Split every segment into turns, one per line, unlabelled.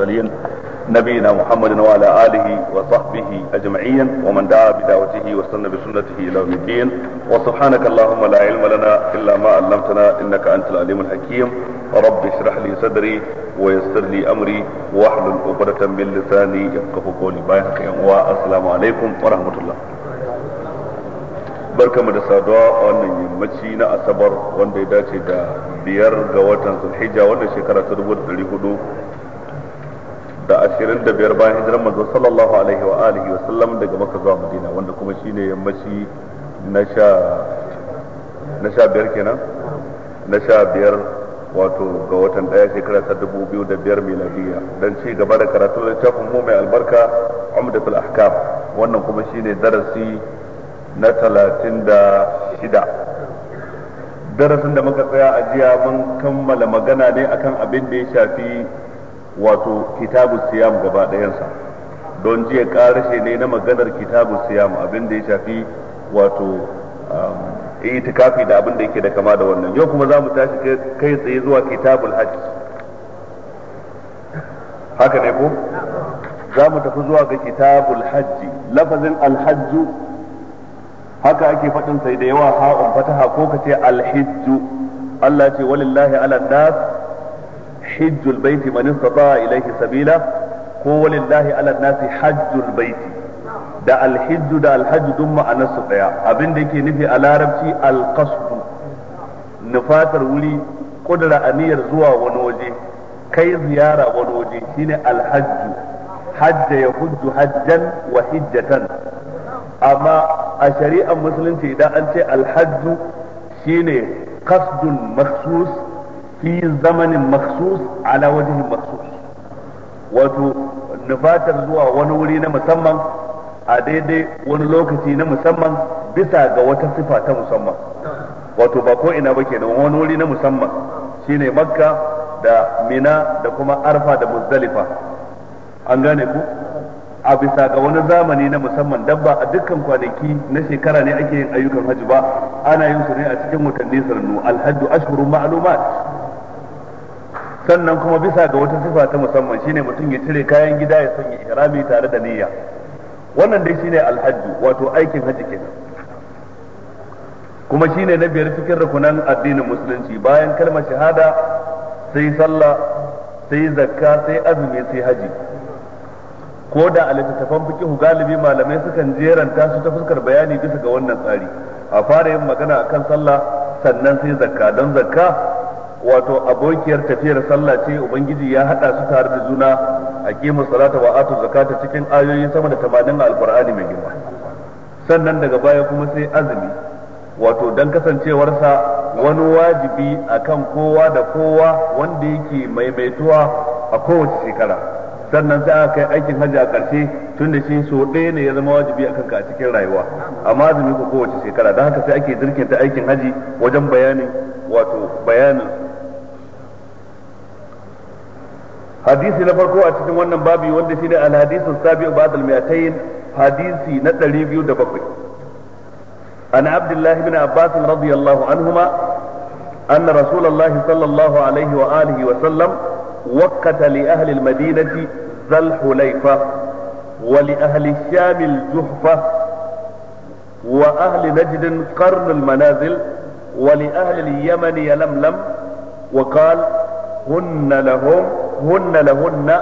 المرسلين نبينا محمد وعلى آله وصحبه أجمعين ومن دعا بدعوته واستنى بسنته إلى يوم الدين وسبحانك اللهم لا علم لنا إلا ما علمتنا إنك أنت العليم الحكيم رب اشرح لي صدري ويسر لي أمري واحلل عقدة من لساني يفقه قولي بايعك والسلام عليكم ورحمة الله barkamu da saduwa a wannan yammaci na asabar wanda ya dace da biyar ga watan zulhijja wannan shekara ta dubu da hudu da ashirin da biyar bayan hijirar manzo sallallahu alaihi wa alihi wa sallam daga maka zuwa madina wanda kuma shine yammaci na sha na sha biyar kenan na sha biyar wato ga watan daya shekara ta dubu biyu da biyar miladiya don ci gaba da karatu littafin mu mai albarka umdatul ahkam wannan kuma shine darasi na talatin da shida darasin da muka tsaya a jiya mun kammala magana ne akan abin da ya shafi wato kitabu siyam gaba ɗayansa don jiya ƙarashe ne na maganar kitabu siyam abin da ya shafi wato um, itikafi da abin da yake da kama da wannan yau kuma za mu tashi kai tsaye zuwa kitabul hajj haka ne ko za mu tafi zuwa ga kitabul hajji lafazin Alhaju, haka ake faɗin sai da yawa ha'un fataha ko kace alhijju Allah ce walillahi ala nas hajjul baiti man istata ilayhi sabila ko walillahi ala nasi hajjul baiti da alhijju da alhajju duk ma'anar su daya abin da yake nufi a larabci alqasdu nufatar wuri kudura aniyar zuwa wani kai ziyara wani shine alhajju hajja ya hujju hajjan wa hijjatan amma a shari'ar musulunci idan an ce alhajju shine kasdun makhsus fi zamanin maksus ala wajen maksus wato nufatar zuwa wani wuri na musamman a daidai wani lokaci na musamman bisa ga wata sifa ta musamman wato ba ko ina ba kenan wani wuri na musamman shine makka da mina da kuma arfa da muzdalifa an gane ku a bisa ga wani zamani na musamman dabba a dukkan kwanaki na shekara ne ake yin ayyukan hajji ba ana yin su ne a cikin watanni sanannu alhajju ashhurun ma'lumat sannan kuma bisa ga wata sifa ta musamman shine mutum ya cire kayan gida ya sanya ihrami tare da niyya wannan dai shine alhajju wato aikin haji kenan kuma shine na biyar cikin rukunan addinin musulunci bayan kalmar shahada sai sallah sai zakka sai azumi sai haji ko da a littattafan fikihu galibi malamai sukan jeranta su ta fuskar bayani bisa ga wannan tsari a fara yin magana akan sallah sannan sai zakka don zakka wato abokiyar tafiyar sallah ce ubangiji ya hada su tare da juna a kima salata wa atu zakata cikin ayoyi sama da 80 alqur'ani mai girma sannan daga baya kuma sai azumi wato dan kasancewarsa wani wajibi akan kowa da kowa wanda yake maimaituwa a kowace shekara sannan sai aka kai aikin hajji a ƙarshe tun da shi so ɗaya ne ya zama wajibi a kanka a cikin rayuwa amma azumi ko kowace shekara don haka sai ake jirkinta aikin hajji wajen bayanin wato bayanin hadisi na farko a cikin wannan babi wanda shine al-hadisu sabi'u ba'd al-mi'atayn hadisi na 207 an abdullahi ibn abbas radiyallahu anhuma anna rasulullahi sallallahu alaihi wa alihi wa sallam wakkata li ahli al-madinati zal hulayfa wa li ahli sham al-juhfa wa ahli najd qarn al-manazil wa li ahli al-yaman yalamlam وقال هن لهم hunna lahunna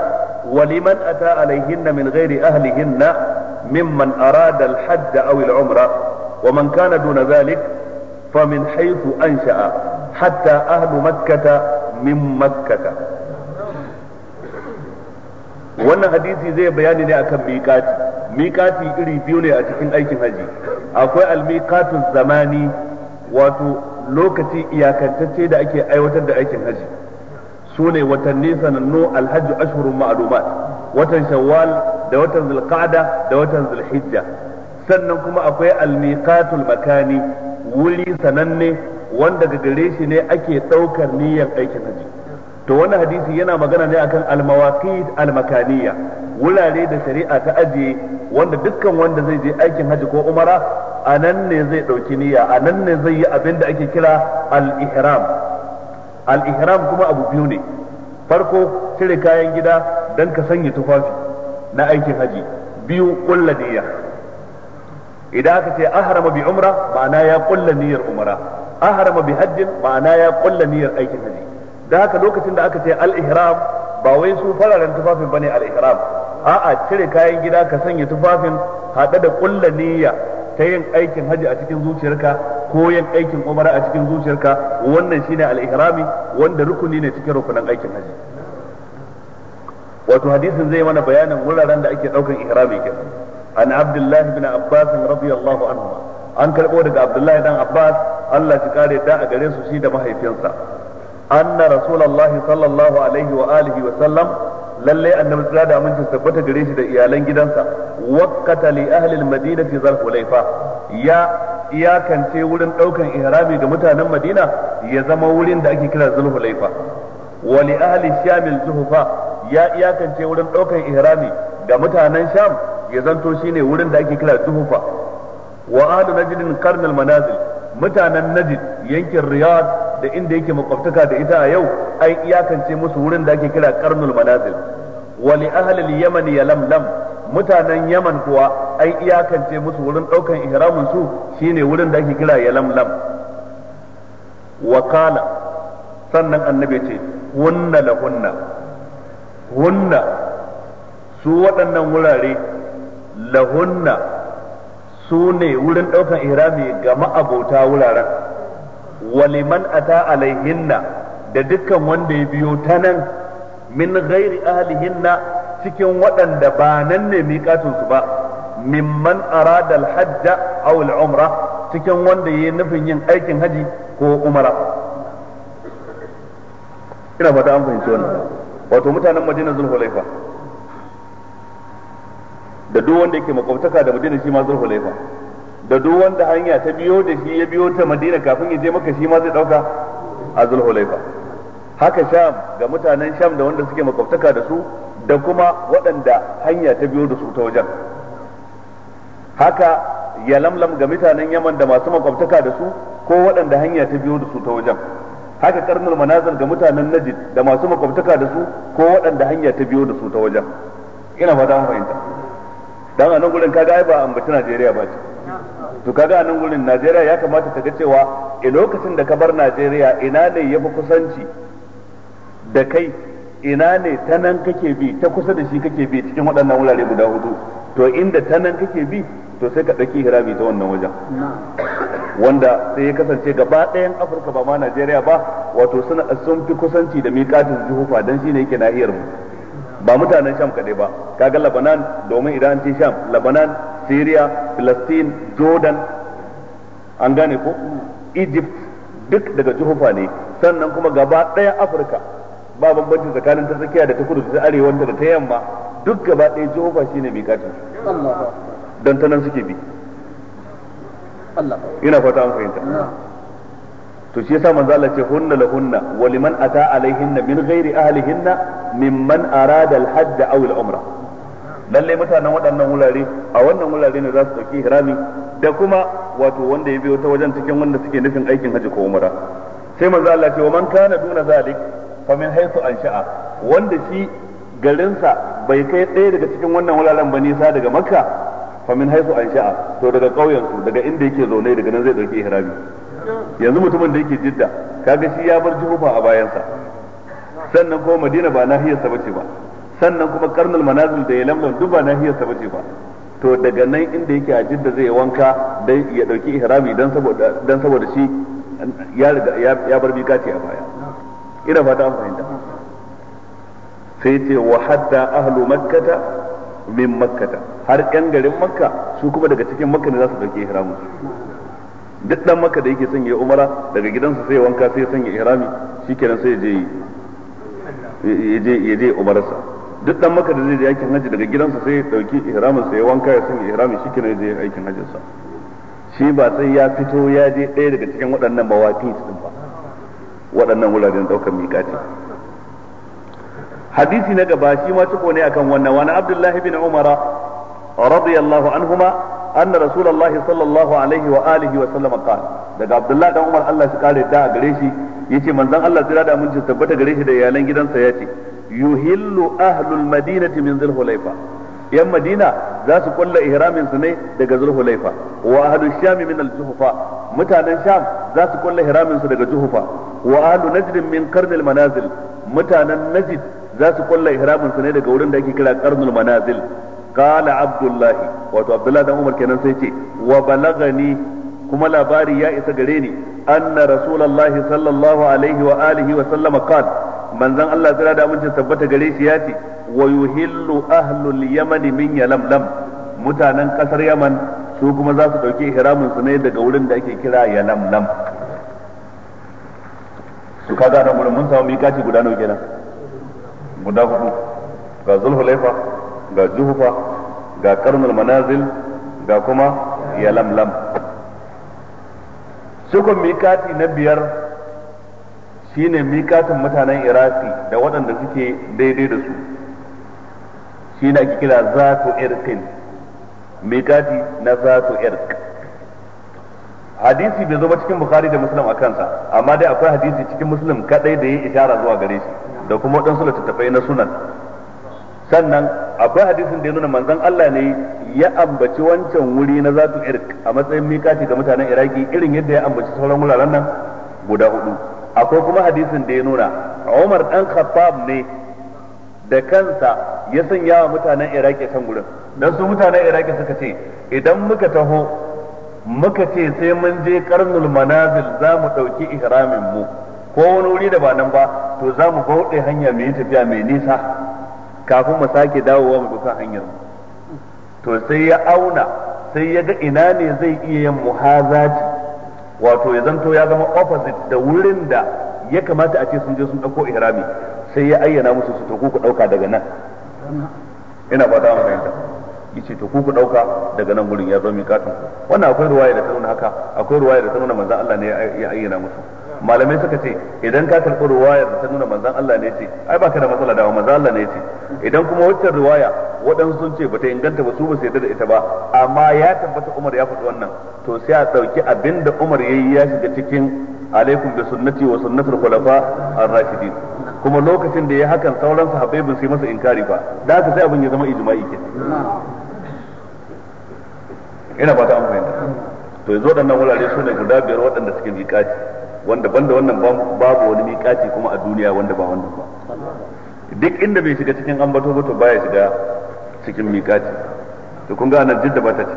wa liman ata alaihinna min ghairi ahlihinna mimman arada al-hajj aw al-umra wa man kana duna dhalik famin haythu ansha'a hatta ahlu makkata min makkata wannan hadisi zai bayani ne akan miƙati miƙati iri biyu ne a cikin aikin haji akwai almiqatu zamani wato lokaci iyakantacce da ake aiwatar da aikin haji su ne watanni sanannu alhajj ashhurun ma'lumat watan shawwal da watan zulqa'da da watan zulhijja sannan kuma akwai almiqatul makani wuri sananne wanda daga gare shi ne ake daukar niyyar aikin haji to wannan hadisi yana magana ne akan almawaqit almakaniya wurare da shari'a ta ajiye wanda dukkan wanda zai je aikin haji ko umara a nan ne zai dauki niyya a nan ne zai yi abin da ake kira al-ihram al kuma abu biyu ne farko cire kayan gida don ka sanya tufafi na aikin haji biyu kulla niyya idan aka ce ahrama bi umra ma'ana ya kulla niyyar umra ahrama bi hajjin ma'ana ya kulla niyyar aikin haji da haka lokacin da aka ce al-ihram ba wai su fararen tufafin bane al-ihram a'a cire kayan gida ka sanya tufafin hada da kulla niyya ta yin aikin haji a cikin zuciyarka ko yin aikin umara a cikin zuciyarka wannan shine al-ihrami wanda rukuni ne cikin rukunan aikin haji wato hadisin zai mana bayanin wuraren da ake daukan ihrami kenan an abdullahi bin abbas radiyallahu anhu an karbo daga abdullahi dan abbas Allah shi kare da a gare su shi da mahaifinsa anna rasulullahi sallallahu alaihi wa alihi wa sallam lalle annabi tsira da aminci tabbata gare shi da iyalan gidansa wakkata li ahli almadinati zarf ya iyakance wurin daukan ihrami ga mutanen madina ya zama wurin da ake kira Zulhu hulaifa wa li ahli shamil zuhufa ya iyakance wurin daukan ihrami ga mutanen sham ya zanto shine wurin da ake kira zuhufa wa ahli najdin qarn almanazil mutanen najd yankin riyadh da inda yake makwabtaka da ita a yau an iyakance musu wurin da ake kira karnul manazil wali ahli al-yaman yalamlam mutanen yaman kuwa an iyakance musu wurin daukan ihramin su shine wurin da ake kira yalamlam wa qala sannan annabi ce wunna lahunna hunna su waɗannan wurare lahunna su ne wurin ɗaukan ihrami ga ma'abota wuraren waliman ata alaihinna da dukkan wanda ya biyo ta nan min ghairi ahlihinna cikin waɗanda ba nan ne miƙatunsu ba mimman arada alhajja aw umra cikin wanda yayi nufin yin aikin haji ko umara ina fata an fahimci wannan wato mutanen Madina Zulhulaifa da duk wanda yake makwabtaka da Madina shi ma Zulhulaifa da duk wanda hanya ta biyo da shi ya biyo ta madina kafin ya je maka shi ma zai dauka a zulhulaifa haka sham ga mutanen sham da wanda suke makwabtaka da su da kuma waɗanda hanya ta biyo da su ta wajen haka ya lamlam ga mutanen yaman da masu makwabtaka da su ko waɗanda hanya ta biyo da su ta wajen haka karnul manazar ga mutanen najid da masu makwabtaka da su ko waɗanda hanya ta biyo da su ta wajen ina fata mun fahimta dan a nan gurin kaga ai ba ambaci Najeriya ba ce to kaga a nan gurin Najeriya ya kamata ta ga cewa a lokacin da ka bar Najeriya ina ne yafi kusanci da kai ina ne ta nan kake bi ta kusa da shi kake bi cikin waɗannan wurare guda hudu to inda ta nan kake bi to sai ka ɗauki hirami ta wannan wajen wanda sai ya kasance gaba ɗayan afirka ba ma najeriya ba wato sun fi kusanci da miƙatin juhufa don shi ne yake nahiyar mu ba mutanen sham kaɗai ba kaga labanan domin idan an ce sham labanan syria palestine jordan an gane ko egypt duk daga juhufa ne sannan kuma gaba ɗaya afirka ba bambanci tsakanin ta tsakiya da ta kudu da ta arewa da ta yamma duk gaba ɗaya juhufa shine mikatin don ta nan suke bi ina fata an fahimta to shi yasa manzo Allah ce hunna hunna wa liman ata alaihinna min ghairi ahlihinna mimman arada al-hajj aw al-umra lalle mutanen waɗannan wurare a wannan wurare ne za su dauki hirami da kuma wato wanda ya biyo ta wajen cikin wanda suke nufin aikin haji ko umra sai manzo Allah ce wa man kana duna zalik fa min haythu ansha'a wanda shi garinsa bai kai ɗaya daga cikin wannan wuraren ba nisa daga makka fa min haythu ansha'a to daga ƙauyensu daga inda yake zaune daga nan zai dauki hirami yanzu mutumin da yake jidda kaga shi ya bar juhufa a bayansa sannan kuma madina ba nahiyar sa bace ba sannan kuma karnal manazil da yalamlam duk ba nahiyar sa bace ba to daga nan inda yake a jidda zai wanka dan ya dauki ihrami dan saboda dan saboda shi ya riga ya bar bikati a baya ina fata an fahimta sai ce wa hatta ahlu makkata min makkata har ƴan garin makka su kuma daga cikin makka ne za su dauki ihramin su duk dan maka da yake son ya umara daga gidansa sai wanka sai sanya ihrami shikenan sai je ya je ya je umararsa duk dan maka da zai je aikin haji daga gidansa sai ya dauki ihramin sa ya wanka ya sanya ihrami shikenan ya je aikin hajjin sa shi ba sai ya fito ya je ɗaya daga cikin waɗannan su din ba waɗannan wuraren daukar miƙati hadisi na gaba shi ma tuko ne akan wannan wani abdullahi bin umara radiyallahu anhuma anna rasulullahi sallallahu alaihi wa alihi wa sallam qala daga abdullahi dan umar Allah shi kare da gare shi yace manzon Allah tsira da mun tabbata gare shi da iyalan gidansa ya yace yuhillu ahlul madinati min zulhulaifa yan madina za su kulla ihramin su ne daga zulhulaifa wa ahlul sham min al-juhfa mutanen sham za su kulla ihramin su daga juhfa wa ahlul najd min qarnil manazil mutanen najd za su kulla ihramin su ne daga wurin da ake kira karnul manazil qala abdullahi wato abdullahi umar kenan sai ce wa balagani kuma labari ya isa gare ni anna rasulullahi sallallahu alaihi wa alihi wa sallama qala manzon Allah tsira da amincin tabbata gare shi ya ce wa yuhillu ahlul yamani min yalamlam mutanen kasar yaman su kuma za su dauki ihramin su ne daga wurin da ake kira yalamlam su kaga nan mun samu guda nawa kenan guda hudu ga zulhulaifa ga zuhufa ga karnul manazil ga kuma yalamlam sukun mikati na biyar shine mikatin mutanen iraki da waɗanda suke daidai da su shine ake kira zatu irkin mikati na zatu irk hadisi bai zo ba cikin bukhari da muslim a kansa amma dai akwai hadisi cikin muslim kadai da ya ishara zuwa gare shi da kuma waɗansu littattafai na sunan sannan akwai hadisin da ya nuna manzon Allah ne ya ambaci wancan wuri na zatu irk a matsayin mikati ga mutanen iraki irin yadda ya ambaci sauran wuraren nan guda hudu akwai kuma hadisin da ya nuna Umar dan Khattab ne da kansa ya sanya wa mutanen iraki kan gurin dan su mutanen iraki suka ce idan muka taho muka ce sai mun je karnul manazil za mu ɗauki ihramin mu ko wani wuri da ba nan ba to za mu bauɗe hanya mu yi tafiya mai nisa kafin mu sake dawowa mu duka hanyar mu to sai ya auna sai ya ga ina ne zai iya yin muhazaji wato ya zanto ya zama opposite da wurin da ya kamata a ce sun je sun dauko ihrami sai ya ayyana musu su to ku dauka daga nan ina fata mun fahimta yace to ku dauka daga nan gurin ya zo mi katun wannan akwai ruwaya da ta nuna haka akwai ruwaya da ta nuna manzon Allah ne ya ayyana musu malamai suka ce idan ka karɓi ruwayar da ta nuna manzon Allah ne ce ai baka da matsala da manzon Allah ne ce idan kuma wacce ruwaya waɗansu sun ce bata inganta ba su ba su yarda da ita ba amma ya tabbata Umar ya faɗi wannan to sai a ɗauki abinda Umar yayi ya shiga cikin alaikum bi sunnati wa sunnatul khulafa ar-rashidin kuma lokacin da ya hakan sauran sahabbai ba su masa inkari ba da haka sai abin ya zama ijma'i ke ina ba ta an to yanzu waɗannan wurare su ne guda biyar waɗanda suke miƙaci wanda banda wannan babu wani miƙaci kuma a duniya wanda ba wannan ba duk inda bai shiga cikin ambato ba to baya shiga cikin miƙaci to kun ga nan jidda ba ta ci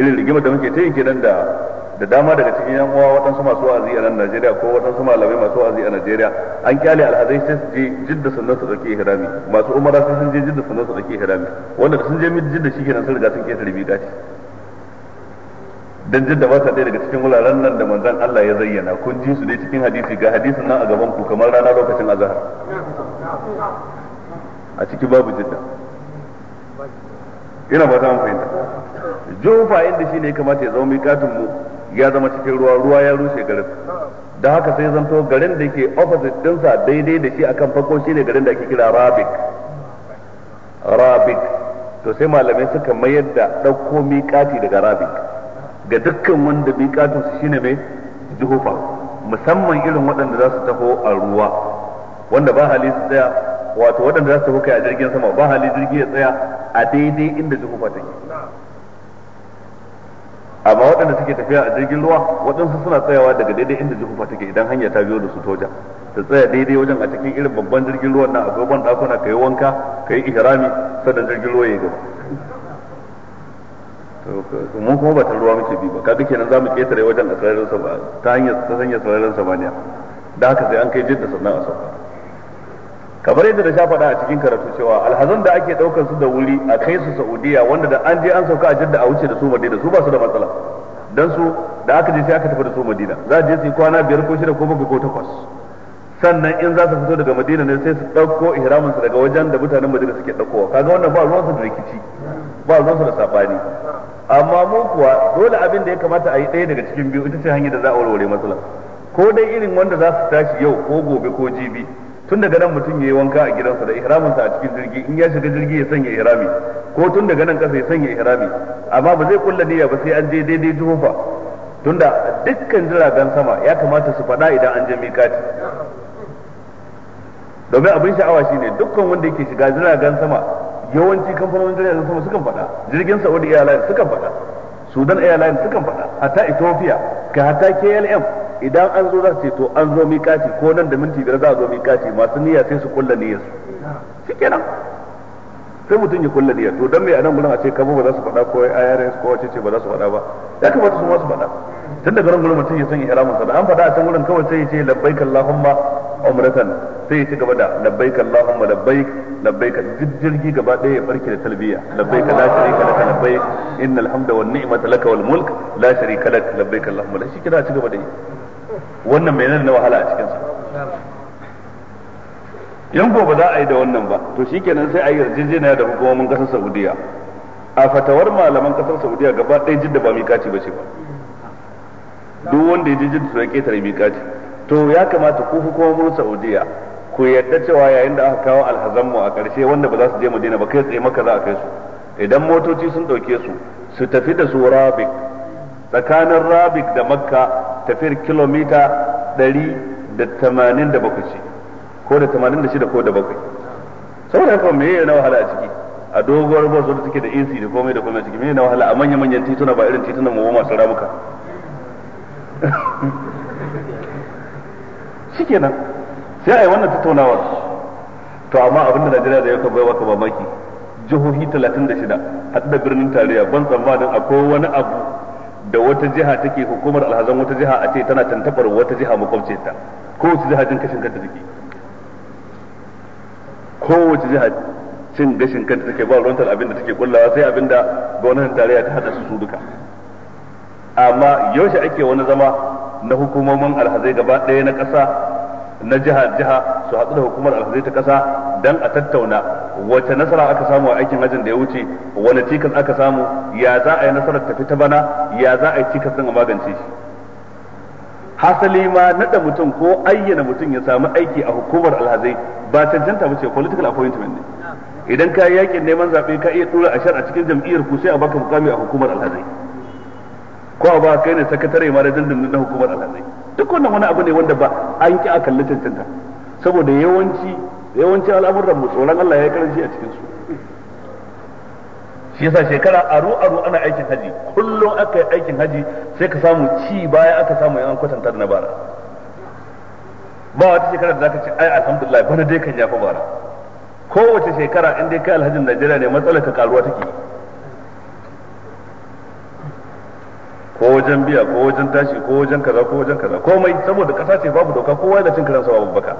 irin rigimar da muke ta yin kenan da da dama daga cikin yan uwa waɗansu masu wa'azi a nan Najeriya ko waɗansu malamai masu wa'azi a Najeriya an kyale alhazai sai su je jidda sannan su tsaki ihrami masu umara sai sun je jidda sannan su tsaki ihrami wanda sun je jidda shi kenan sun riga sun ketare miƙaci dan da ba ta ɗaya daga cikin wuraren nan da manzon Allah ya zayyana kun ji su dai cikin hadisi ga hadisin nan a gaban ku kamar rana lokacin azhar a cikin babu jidda ina ba ta mun fahimta jofa inda shine ya kamata ya zama miƙatin mu ya zama cikin ruwa ruwa ya rushe garin da haka sai zanto garin da ke opposite sa daidai da shi akan farko shine garin da ake kira rabik rabik to sai malamai suka mayar da ɗauko miƙati daga rabik ga dukkan wanda bai katon su shine mai juhufa musamman irin waɗanda za su taho a ruwa wanda ba hali su tsaya wato waɗanda za su taho kai a jirgin sama ba hali jirgi ya tsaya a daidai inda juhufa take amma waɗanda suke tafiya a jirgin ruwa waɗansu suna tsayawa daga daidai inda juhufa take idan hanya ta biyo da su toja ta tsaya daidai wajen a cikin irin babban jirgin ruwan nan akwai ban ɗakuna ka yi wanka ka yi ihrami sannan jirgin ruwa ya gaba mun kuma ba ta ruwa muke bi ba kaga kenan zamu ketare wajen a sararin sa ba ta hanyar ta hanyar sararin samaniya da haka sai an kai jidda sannan a sauka kamar yadda da sha faɗa a cikin karatu cewa alhazan da ake ɗaukar su da wuri a kai su saudiya wanda da an je an sauka a jidda a wuce da su madina su ba su da matsala dan su da aka je sai aka tafi da su madina za a je su yi kwana biyar ko shida ko bakwai ko takwas sannan in za su fito daga madina ne sai su ɗauko su daga wajen da mutanen madina suke ɗaukowa kaga wannan ba su da rikici ba ruwan su da safani amma mu kuwa dole abin da ya kamata a yi ɗaya daga cikin biyu ita ce hanyar da za a warware matsalar ko dai irin wanda za su tashi yau ko gobe ko jibi tun daga nan mutum ya yi wanka a gidansa da sa a cikin jirgi in ya shiga jirgi ya sanya ihrami ko tun daga nan kasa ya sanya ihrami amma ba zai kulla niyya ba sai an je daidai jihofa tunda dukkan jiragen sama ya kamata su faɗa idan an je mikati domin abin sha'awa shine dukkan wanda yake shiga jiragen sama yawanci kamfanonin jirgin sama sukan faɗa jirgin Saudi Airlines sukan faɗa Sudan Airlines sukan faɗa hatta Ethiopia ka hatta KLM idan an zo za su ce to an zo miƙati ko nan da minti biyar za a zo miƙati masu niyya sai su kulla niyyar su shikenan sai mutum ya kulla niyya to dan me anan gurin a ce kabo ba za su faɗa ko IRS ko wace ce ba za su faɗa ba ya kamata su ma su faɗa tun daga nan gurin mutum ya sanya ihramin sa da an faɗa a can gurin kawai sai ya ce labbaik Allahumma umratan sai ya ci gaba da labbaik allahumma labbaik labbaik jirgi gaba daya ya barke da talbiya labbaik la sharika laka labbaik innal hamda wan ni'mata laka wal mulk la sharika lak labbaik allahumma la shikira ci gaba da yi wannan menene na wahala a cikin sa yan gobe za a yi da wannan ba to shikenan sai a yi yarjejeniya da hukumomin kasar Saudiya a fatawar malaman kasar Saudiya gaba ɗaya jidda ba mikaci ba ce ba duk wanda ya je jidda to ya ketare mikaci to ya kamata ku hukumomin Saudiya ku yadda cewa yayin da aka kawo alhazanmu a ƙarshe wanda ba za su je Madina ba kai tsaye maka za a kai su idan motoci sun ɗauke su su tafi da su Rabik tsakanin Rabik da Makka tafiyar kilomita ɗari da tamanin da bakwai ce ko da tamanin da shida ko da bakwai saboda haka me yana wahala a ciki a doguwar bus da take da insi da komai da komai ciki me yana wahala a manya manyan tituna ba irin titunan mu masu ramuka nan sai a yi wannan tattaunawar to amma abinda Najeriya da yau baiwa ka mamaki jihohi talatin da shida haɗu da birnin tarayya ban tsammanin akwai wani abu da wata jiha take hukumar alhazan wata jiha a ce tana tantabar wata jiha makwabcinta kowace jiha jin kashin kanta take kowace jiha cin gashin kanta take ba ruwantar abin da take kullawa sai abin da gwamnatin tarayya ta hada su su duka amma yaushe ake wani zama na hukumomin alhazai gaba ɗaya na ƙasa na jiha jiha su haɗu da hukumar alhazai ta ƙasa dan a tattauna wace nasara aka samu a aikin hajjin da ya wuce wani cikas aka samu ya za a yi nasarar tafi ta bana ya za a yi cikas din a magance shi hasali ma naɗa mutum ko ayyana mutum ya samu aiki a hukumar alhazai ba cancanta ba ce political appointment ne idan ka yi yakin neman zaɓe ka iya tura a shar a cikin jam'iyyar ku sai a baka mukami a hukumar alhazai ko a ba kai ne sakatare ma da dindindin na hukumar alhazai duk wannan wani abu ne wanda ba an ki a kalli tantanta saboda yawanci yawanci al'amuran mu tsoron Allah ya karanci a cikin su shi yasa shekara aru aru ana aikin haji kullum aka yi aikin haji sai ka samu ci baya aka samu yan kwatanta da na bara ba wata shekara da zaka ce ai alhamdulillah bana dai kan yafa bara kowace shekara in dai kai alhajin Najeriya ne matsalar ka karuwa take ko wajen biya ko wajen tashi ko wajen kaza ko wajen kaza komai saboda kasa ce babu doka kowa yana cin karansa babu baka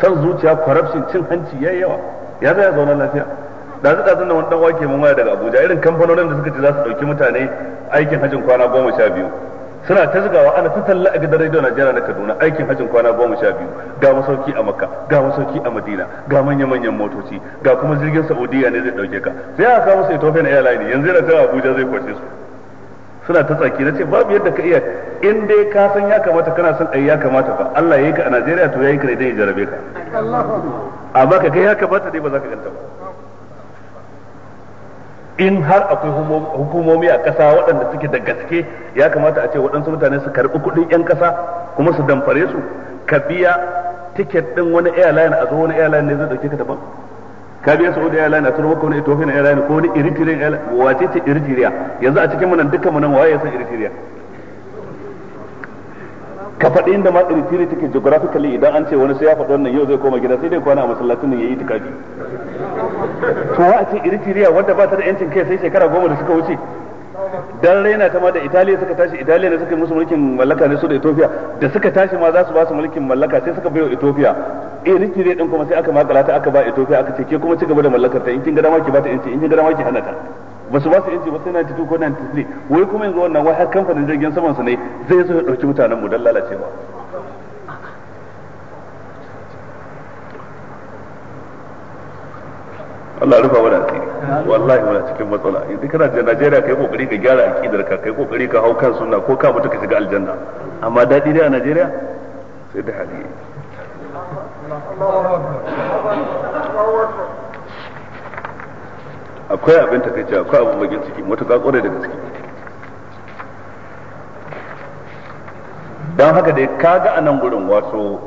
san zuciya corruption cin hanci yayi yawa ya zai zauna lafiya dazu dazu da wani dan wake mun waya daga Abuja irin kamfanonin da suka ce za su dauki mutane aikin hajin kwana goma sha biyu suna ta zugawa ana ta talla a gidan radio Najeriya na Kaduna aikin hajin kwana goma sha biyu ga masauki a Makka ga masauki a Madina ga manya-manyan motoci ga kuma jirgin Saudiya ne zai dauke ka sai aka kawo su Ethiopian Airlines yanzu yana Abuja zai kwace su suna ta tsaki na ce babu yadda ka iya in dai ka san ya kamata kana son ayi ya kamata fa Allah yayi ka a Najeriya to yayi ka idan ya jarabe ka amma ka kai ya kamata dai ba za ka ganta ba in har akwai hukumomi a ƙasa waɗanda suke da gaske ya kamata a ce waɗansu mutane su karɓi kuɗin 'yan ƙasa kuma su damfare su ka biya tiket ɗin wani airline a zo wani airline ne zai ɗauke ka daban ka biya Saudi Airlines a turba ko ne Ethiopian Airlines ko ne Eritrean Airlines wace ce Eritrea yanzu a cikin munan dukkan munan waye ya san Eritrea ka faɗi inda ma Eritrea take geographically idan an ce wani sai ya faɗi wannan yau zai koma gida sai dai kwana a masallacin nan yayi tikafi to wa ce Eritrea wanda ba ta da yancin kai sai shekara goma da suka wuce dan raina ta ma da Italiya suka tashi Italiya ne suka yi musu mulkin mallaka ne su da Ethiopia da suka tashi ma za su ba su mulkin mallaka sai suka bayo Ethiopia eh ne din kuma sai aka makala ta aka ba Ethiopia aka ce ke kuma cigaba da mallakar ta in kin ga dama ki ba ta in kin ga dama ki hana ta ba su ba su inci ba sai 92 ko 93 wai kuma yanzu wannan wai har kamfanin jirgin saman su ne zai zo ya dauki mutanen mu dan lalacewa Allah rufa wani asiri wallahi muna cikin matsala yanzu kana da Najeriya kai kokari ka gyara akidar ka kai kokari ka hau kan sunna ko ka mutu ka shiga aljanna amma dadi dai a Najeriya sai da hali akwai abin ta takaici akwai abin bakin ciki matuƙa kwarai da gaske dan haka dai kaga anan gurin wato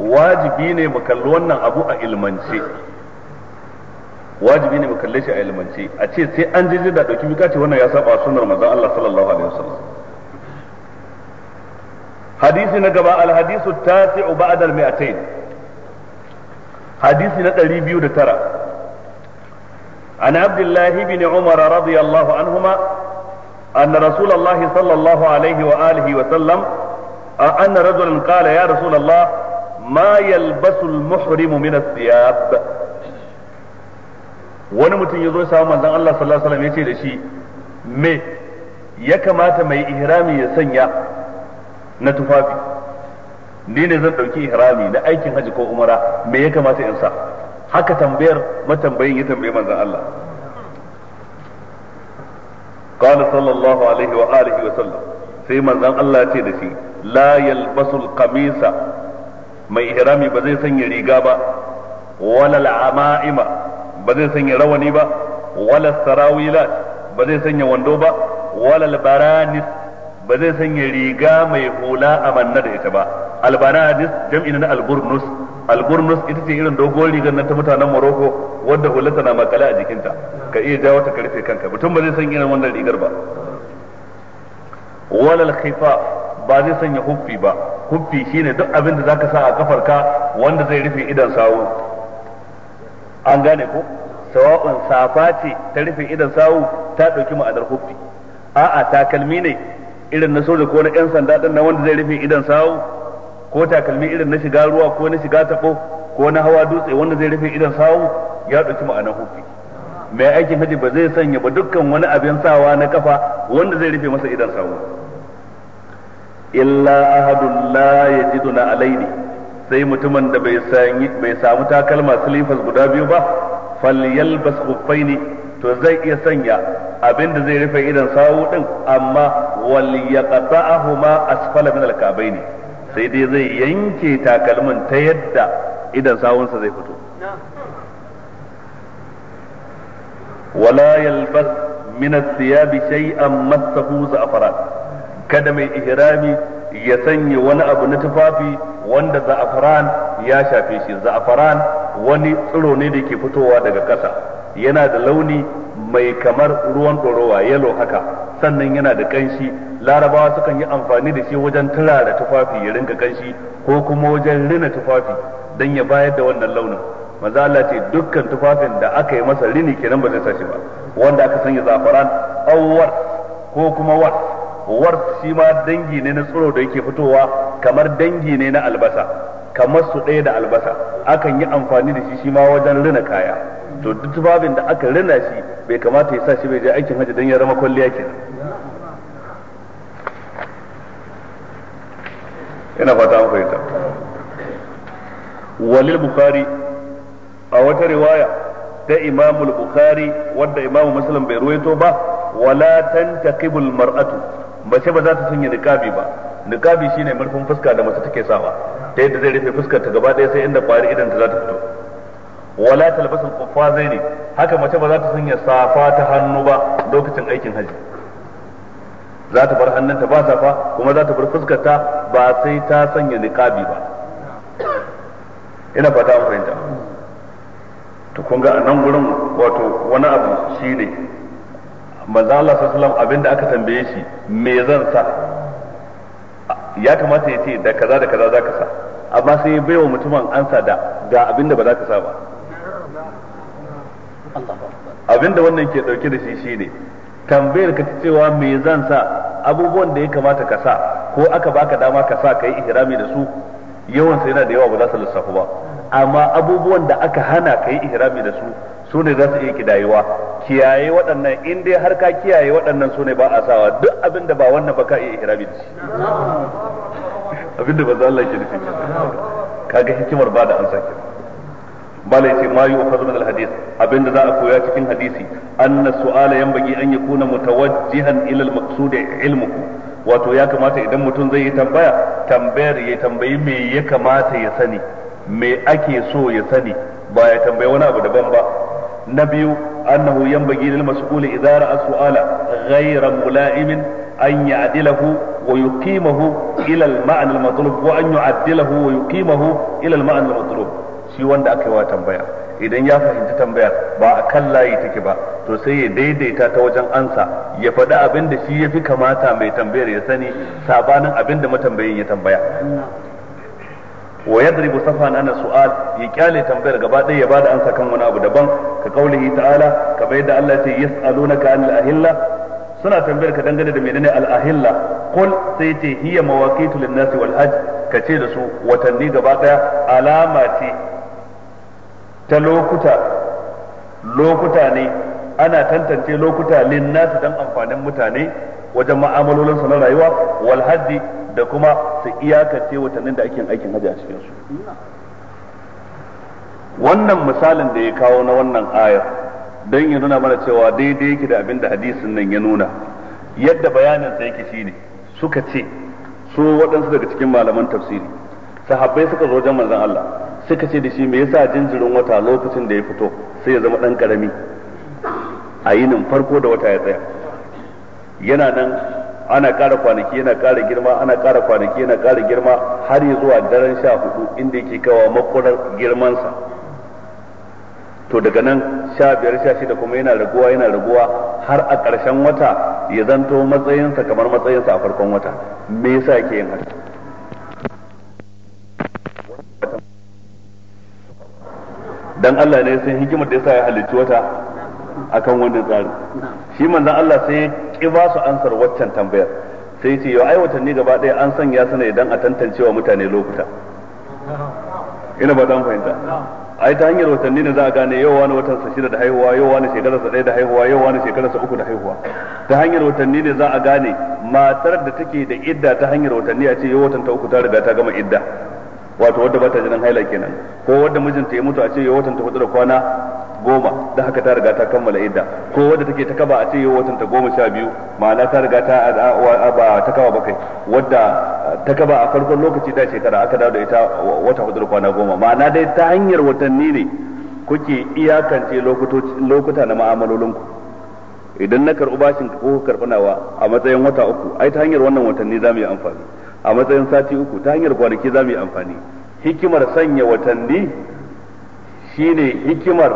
wajibi ne mu kalli wannan abu a ilmance wajibi ne mu kalle shi a ilmance a ce sai an je da dauki bika ce wannan ya saba sunnar manzon Allah sallallahu alaihi wasallam hadisi na gaba al hadisu tasi'u ba'da al mi'atayn hadisi na 209 an abdullah ibn umar radiyallahu anhuma أن رسول الله صلى الله عليه وآله وسلم أن رجلا قال يا رسول الله ما يلبس المحرم من الثياب wani mutum ya zo samu manzon Allah sallallahu alaihi wasallam ya ce da shi me ya kamata mai ihrami ya sanya na tufafi ni ne zan dauki ihrami na aikin haji ko umara me ya kamata in sa haka tambayar matambayin ya tambaye manzon Allah قال صلى الله عليه وآله وسلم sai manzon Allah ce da shi la yalbasul qamisa mai ihrami ba zai sanya riga ba wala ba zai sanya rawani ba wala sarawila ba zai sanya wando ba wala albaranis ba zai sanya riga mai hula a manna da ita ba albaranis jam'i na alburnus alburnus ita ce irin dogon rigar na ta mutanen Morocco wadda hulata na makale a jikinta ka iya jawo ta karfe kanka mutum ba zai san irin wannan rigar ba wala alkhifa ba zai sanya huffi ba huffi shine duk abin da zaka sa a kafarka wanda zai rufe idan sawu an gane ko sawa'un safa ce ta rufe idan sawu ta ɗauki ma'anar hufi a'a takalmi ne irin na soja ko na 'yan sanda ɗin na wanda zai rufe idan sawu ko takalmi irin na shiga ruwa ko na shiga taɓo ko na hawa dutse wanda zai rufe idan sawu ya ɗauki ma'anar hufi mai aikin haji ba zai sanya ba dukkan wani abin sawa na kafa wanda zai rufe masa idan sawu illa ahadun la yajiduna alaini sai mutumin da bai samu takalma silifas guda biyu ba falyalbas khuffaini to zai iya sanya abin da zai rufe idan sawu din amma wal yaqta'ahuma asfala min al-kabaini sai dai zai yanke takalmin ta yadda idan sawunsa zai fito wala yalbas min ath-thiyabi shay'an massahu za'faran kada mai ihrami ya sanya wani abu na tufafi wanda za'afaran ya shafe shi za'afaran wani tsiro ne da ke fitowa daga ƙasa yana da launi mai kamar ruwan ɗorowa yalo haka sannan yana da ƙanshi larabawa sukan yi amfani da shi wajen turara tufafi ya rinka ƙanshi ko kuma wajen rina tufafi don ya bayar da wannan launin maza ce dukkan tufafin da aka yi masa rini kenan ba zai sa ba wanda aka sanya za'afaran awwar ko kuma war war shi ma dangi ne na tsiro da yake fitowa kamar dangi ne na albasa kamar su ɗaya da albasa akan yi amfani da shi shi ma wajen rina kaya to duk tufafin da aka rina shi bai kamata ya sa shi bai je aikin hajji don ya zama kwalliya ke ina fata an fahimta walil bukhari a wata riwaya ta imamul bukhari wadda imamu muslim bai ruwaito ba wala tantaqibul mar'atu mace ba za ta sanya niqabi ba niqabi shine murfin fuska da mace take sawa ta yadda zai rufe fuskar ta gaba ɗaya sai inda kwari idan ta za ta fito wala talbasu qaffazaini haka mace ba za ta sanya safa ta hannu ba lokacin aikin haji za ta bar hannunta ba safa kuma za ta bar ta ba sai ta sanya niqabi ba ina fata an fahimta to kun ga a nan gurin wato wani abu shine manzo Allah sallallahu abinda aka tambaye shi me zan sa ya kamata ya ce da kaza da kaza zaka sa amma sai ya baiwa mutumin ansa da ga abinda ba za ka sa ba abinda wannan ke dauke da shi shine tambayar ka cewa me zan sa abubuwan da ya kamata ka sa ko aka baka dama ka sa kai ihrami da su yawan sai yana da yawa ba za su lissafu ba amma abubuwan da aka hana kai ihrami da su su ne za su iya kidayewa kiyaye waɗannan in dai har ka kiyaye waɗannan su ne ba a sawa duk abin da ba wannan ba ka iya ihrami da shi abin da ba za Allah ke nufi ga hikimar ba da an sake bala yace ma yu'khadhu min al-hadith abinda za a koya cikin hadisi anna su'ala yanbaghi an yakuna mutawajjihan ila al ilmuhu wato ya kamata idan mutum zai yi tambaya tambayar ya tambayi me ya kamata ya sani me ake so ya sani ba ya tambayi wani abu daban ba na biyu annahu yanbaghi lil mas'uli idza ra'a su'ala ghayra mula'imin an ya'dilahu wa yuqimahu ila al ma'na al matlub wa an yu'addilahu wa yuqimahu ila al ma'na al matlub shi wanda aka yi wa tambaya idan ya fahimci tambaya, ba a kan layi take ba to sai ya daidaita ta wajen ansa ya faɗi abin da shi ya fi kamata mai tambayar ya sani sabanin abin da matambayin ya tambaya wa yadribu safan ana su'al ya kyale tambayar gaba ɗaya ya bada ansa kan wani abu daban ka kaulihi ta'ala kamar yadda Allah ya ce yas'alunaka anil ahilla suna tambayar ka dangane da menene al ahilla qul sai ce hiya mawaqitu lin nasi wal hajj ka ce da su watanni gaba ɗaya alama ce ta lokuta lokuta ne ana tantance lokuta lin nasi dan amfanin mutane wajen ma'amalolinsu na rayuwa wal da kuma su iyakace watannin da ake aikin hajji a cikin wannan misalin da ya kawo na wannan ayar don ya nuna mana cewa daidai yake da abin da hadisin nan ya nuna yadda bayanin sa yake shine suka ce su waɗansu daga cikin malaman tafsiri sahabbai suka zo wajen manzon Allah suka ce da shi me yasa jinjirin wata lokacin da ya fito sai ya zama ɗan karami a yinin farko da wata ya tsaya yana nan ana ƙara kwanaki yana ƙara girma ana ƙara kwanaki yana ƙara girma har yi zuwa daren sha hudu inda yake kawo makurar girmansa to daga nan sha biyar sha shida kuma yana raguwa yana raguwa har a ƙarshen wata ya zanto matsayinsa kamar matsayinsa a farkon wata me yasa yake yin haka dan Allah ne sai hikimar da yasa ya halicci wata akan wannan tsarin shi manzon Allah sai ya ki ba su ansar waccan tambayar sai ce yau ai watanni gaba ɗaya an sanya su ne idan a tantancewa mutane lokuta ina ba dan fahimta ai ta hanyar watanni ne za a gane yau wani watan sa shida da haihuwa yau wani shekararsa ɗaya da haihuwa yau wani shekararsa uku da haihuwa ta hanyar watanni ne za a gane matar da take da idda ta hanyar watanni a ce yau watan ta uku ta riga ta gama idda wato wadda ba ta jinin haila kenan ko wadda mijinta ya mutu a ce yau watan ta hudu da kwana goma da haka ta riga ta kammala idda ko wadda take ta kaba a ce yau watan ta goma sha biyu ma'ana ta riga ta ba ta kaba ba kai wadda ta kaba a farkon lokaci da shekara aka dawo da ita wata hudu da kwana goma ma'ana dai ta hanyar watanni ne kuke iyakance lokuta na ma'amalolinku idan na karɓi bashin ko karɓi nawa a matsayin wata uku ai ta hanyar wannan watanni za mu yi amfani a matsayin sati uku ta hanyar kwanaki za mu yi amfani hikimar sanya watanni shine hikimar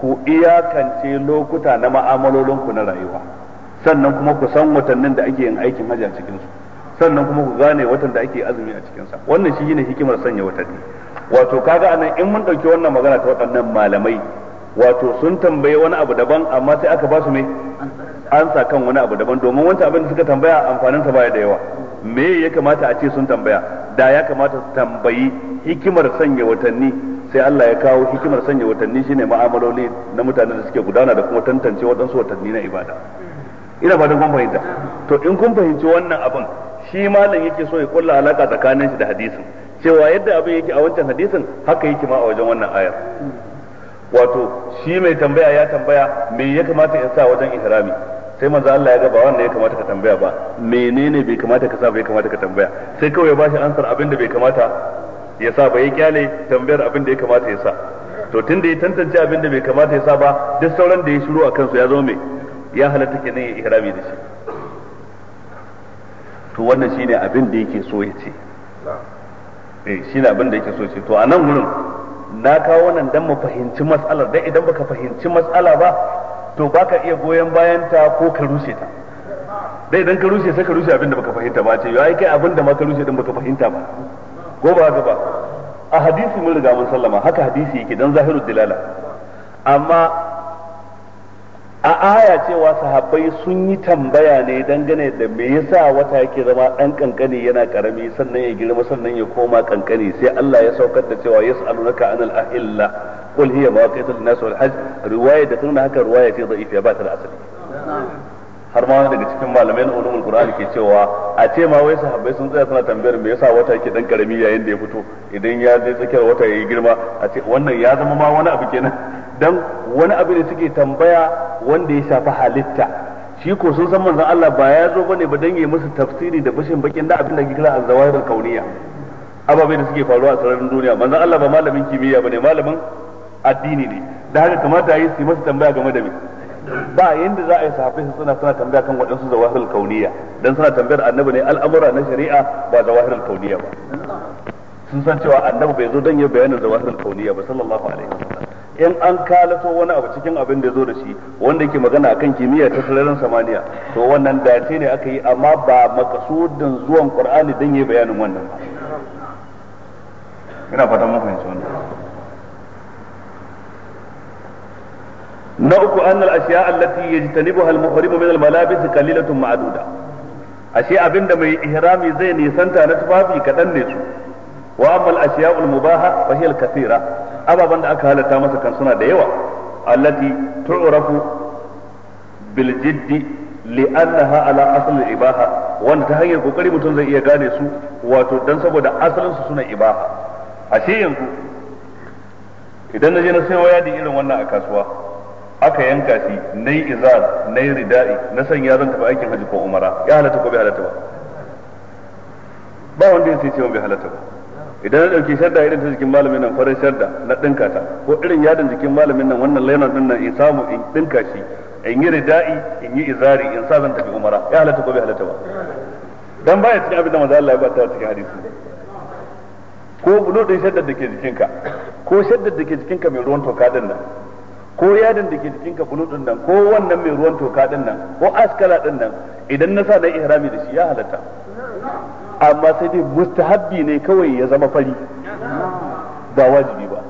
ku iyakance lokuta na ma'amalolinku na rayuwa sannan kuma ku san watannin da ake yin aikin hajji a cikinsu sannan kuma ku gane watan da ake azumi a cikinsa wannan shi ne hikimar sanya watanni wato kaga anan in mun ɗauki wannan magana ta waɗannan malamai wato sun tambaye wani abu daban amma sai aka ba su me ansa kan wani abu daban domin wancan abin da suka tambaya amfaninsa baya da yawa me ya kamata a ce sun tambaya da ya kamata su tambayi hikimar sanya watanni sai Allah ya kawo hikimar sanya watanni shine ma'amaloli na mutanen da suke gudana da kuma tantance waɗansu watanni na ibada ina fatan kun fahimta to in kun fahimci wannan abin shi malam yake so ya kulla alaka tsakanin shi da hadisin cewa yadda abin yake a wancan hadisin haka yake ma a wajen wannan ayar wato shi mai tambaya ya tambaya me ya kamata ya sa wajen ihrami sai manzo Allah ya ga ba wanda ya kamata ka tambaya ba menene bai kamata ka sa bai kamata ka tambaya sai kawai ya bashi ansar abin da bai kamata ya sa ba ya kyale tambayar abin da ya kamata ya sa to tunda ya tantance abin da bai kamata ya sa ba duk sauran da ya shiru a kansu ya zo mai ya halatta kenan ya ihrami da shi to wannan shine abin da yake so ya ce eh shine abin da yake so ya ce to a nan wurin na kawo nan dan mu fahimci mas'alar dan idan baka fahimci mas'ala ba to baka iya goyon bayan ta ko ka rushe ta dai idan ka rushe sai ka rushe abin da baka fahimta ba ce yayi kai abin da ma ka rushe din baka fahimta ba ko ba haka ba a hadisi mun riga mun sallama haka hadisi yake dan zahirul dilala amma a aya cewa sahabbai sun yi tambaya ne dangane da me yasa wata yake zama dan kankani yana karami sannan ya girma sannan ya koma kankani sai Allah ya saukar da cewa yas'alunaka anil ahilla qul hiya mawaqitu lin-nas wal hajj riwaya da tana haka riwaya ce da'ifiya ba ta da asali har ma daga cikin malamai na ulumul qur'ani ke cewa a ce ma wai sahabbai sun tsaya suna tambayar me yasa wata yake dan karami yayin da ya fito idan ya je tsakiyar wata yayi girma a ce wannan ya zama ma wani abu kenan dan wani abu ne suke tambaya wanda ya shafi halitta shi ko sun san manzon Allah ba ya zo bane ba dan yi musu tafsiri da bashin bakin da abin da kira az kauniya ababai da suke faruwa a sararin duniya manzon Allah ba malamin kimiyya bane malamin addini ne da haka kamata yi su masa tambaya game da me ba yanda za a yi sahabbai su suna suna tambaya kan waɗansu zawahirul kauniya, dan suna tambayar annabi ne al'amura na shari'a ba zawahirul kauniya ba sun san cewa annabi bai zo dan ya bayanin zawahirul kauniya ba sallallahu alaihi wasallam in an kalato wani abu cikin abin da zo da shi wanda yake magana akan kimiyya ta sararin samaniya to wannan dace ne aka yi amma ba makasudin zuwan qur'ani dan yi bayanin wannan ba ina fatan mun fahimci wannan na uku annal ashiya allati yajtanibuha al-muhrimu min al-malabis qalilatun ma'duda ashe abinda mai ihrami zai nisanta na tufafi kadan ne su wa amma al-ashiya al-mubaha fa hiya al-kathira ababan da aka halatta masa kan suna da yawa allati tu'rafu bil jiddi li'annaha ala asl ibaha wanda ta hanyar kokari mutum zai iya gane su wato dan saboda asalin su suna ibaha ashe yanzu idan na je na sayo yadi irin wannan a kasuwa aka yanka shi na yi izar na yi rida'i na sanya zan tafi aikin haji ko umara ya halatta ko bai halatta ba ba wanda ya sai cewa bai halatta ba idan na dauki shadda irin ta jikin malamin nan farin shadda na dinka ta ko irin yadin jikin malamin nan wannan lainar din nan in samu in dinka shi in yi rida'i in yi izari in sa zan tafi umara ya halatta ko bai halatta ba dan baya cikin abin da manzo Allah ya ba ta cikin hadisi ko bulu din shaddar da ke jikinka ko shadda da ke jikinka mai ruwan toka din nan ko yadin da ke jikinka bulu din nan ko wannan mai ruwan toka din nan ko askala din nan idan na sa na ihrami da shi ya halatta amma sai dai mustahabbi ne kawai ya zama fari ba wajibi ba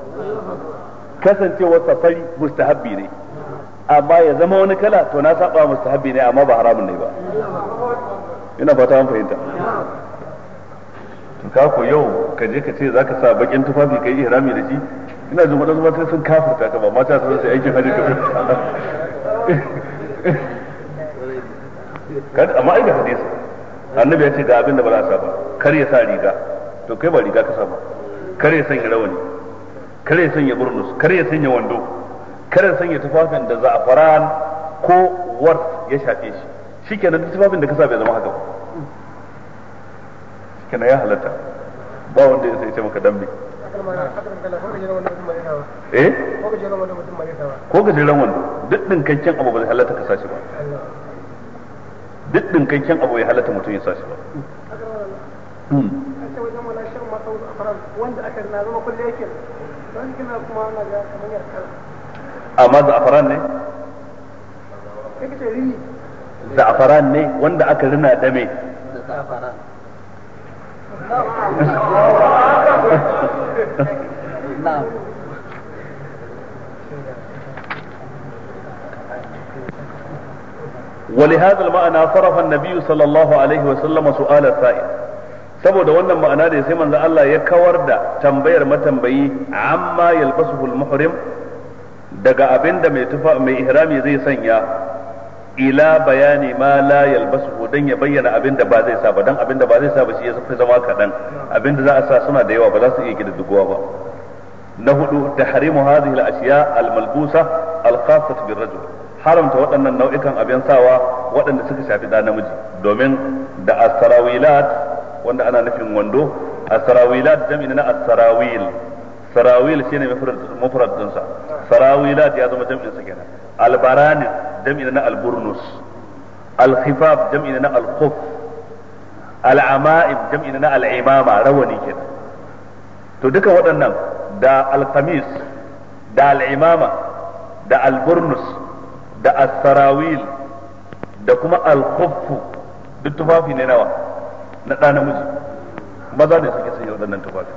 kasancewar sa fari mustahabbi ne amma ya zama wani kala to na saba mustahabbi ne amma ba haramun ne ba ina fata an fahimta to ka yau ka je ka ce zaka sa bakin tufafi kai ihrami da shi ina jin wadansu mata sun kafirta ka ba mata sun sai aikin hajji ka amma ai ga hadisi annabi ya ce ga abin da ba za a ba kar ya sa riga to kai ba riga ka sa ba kar ya sanya rawani kar ya sanya burnus kar ya sanya wando kar ya sanya tufafin da za'afaran ko war ya shafe shi shikenan duk tufafin da ka sa bai zama haka ba shikenan ya halatta ba wanda ya sai ce maka dambe eh ko gajeren wando duk ɗinkakken abu ba zai halatta ka sa shi ba duk dinkakken abu ya halatta mutum ya sa shi ba hmm. amma za'afaran ne ne wanda aka rina dame. ولهذا المعنى صرف النبي صلى الله عليه وسلم سؤال السائل saboda wannan ma'ana da sai manzo Allah ya kawar da tambayar matambayi amma yalbasuhul muhrim daga abinda mai tufa mai ihrami zai sanya ila bayani ma la yalbasuhu dan ya bayyana abinda ba zai sa ba dan abinda ba zai sa ba shi ya fi zama kadan abinda za a sa suna da yawa ba za su iya kididdigowa ba na hudu tahrimu hadhihi al-ashiya al-malbusa al-khassah bir-rajul haramta waɗannan nau'ikan abin sawa waɗanda suka shafi da namiji domin da asarawilat wanda ana nufin wando asarawilat jami'in na asarawil sarawil shine mufrad dinsa sarawilat ya zama jami'in sa kenan albaranin jami'in na alburnus alkhifaf jami'in na alkhuf al'ama'im jami'in na al'imama rawani kenan to duka waɗannan da alkhamis da al'imama da alburnus da asarawil da kuma alkhuffu duk tufafi ne nawa na ɗa namiji maza ne suke sanya waɗannan tufafi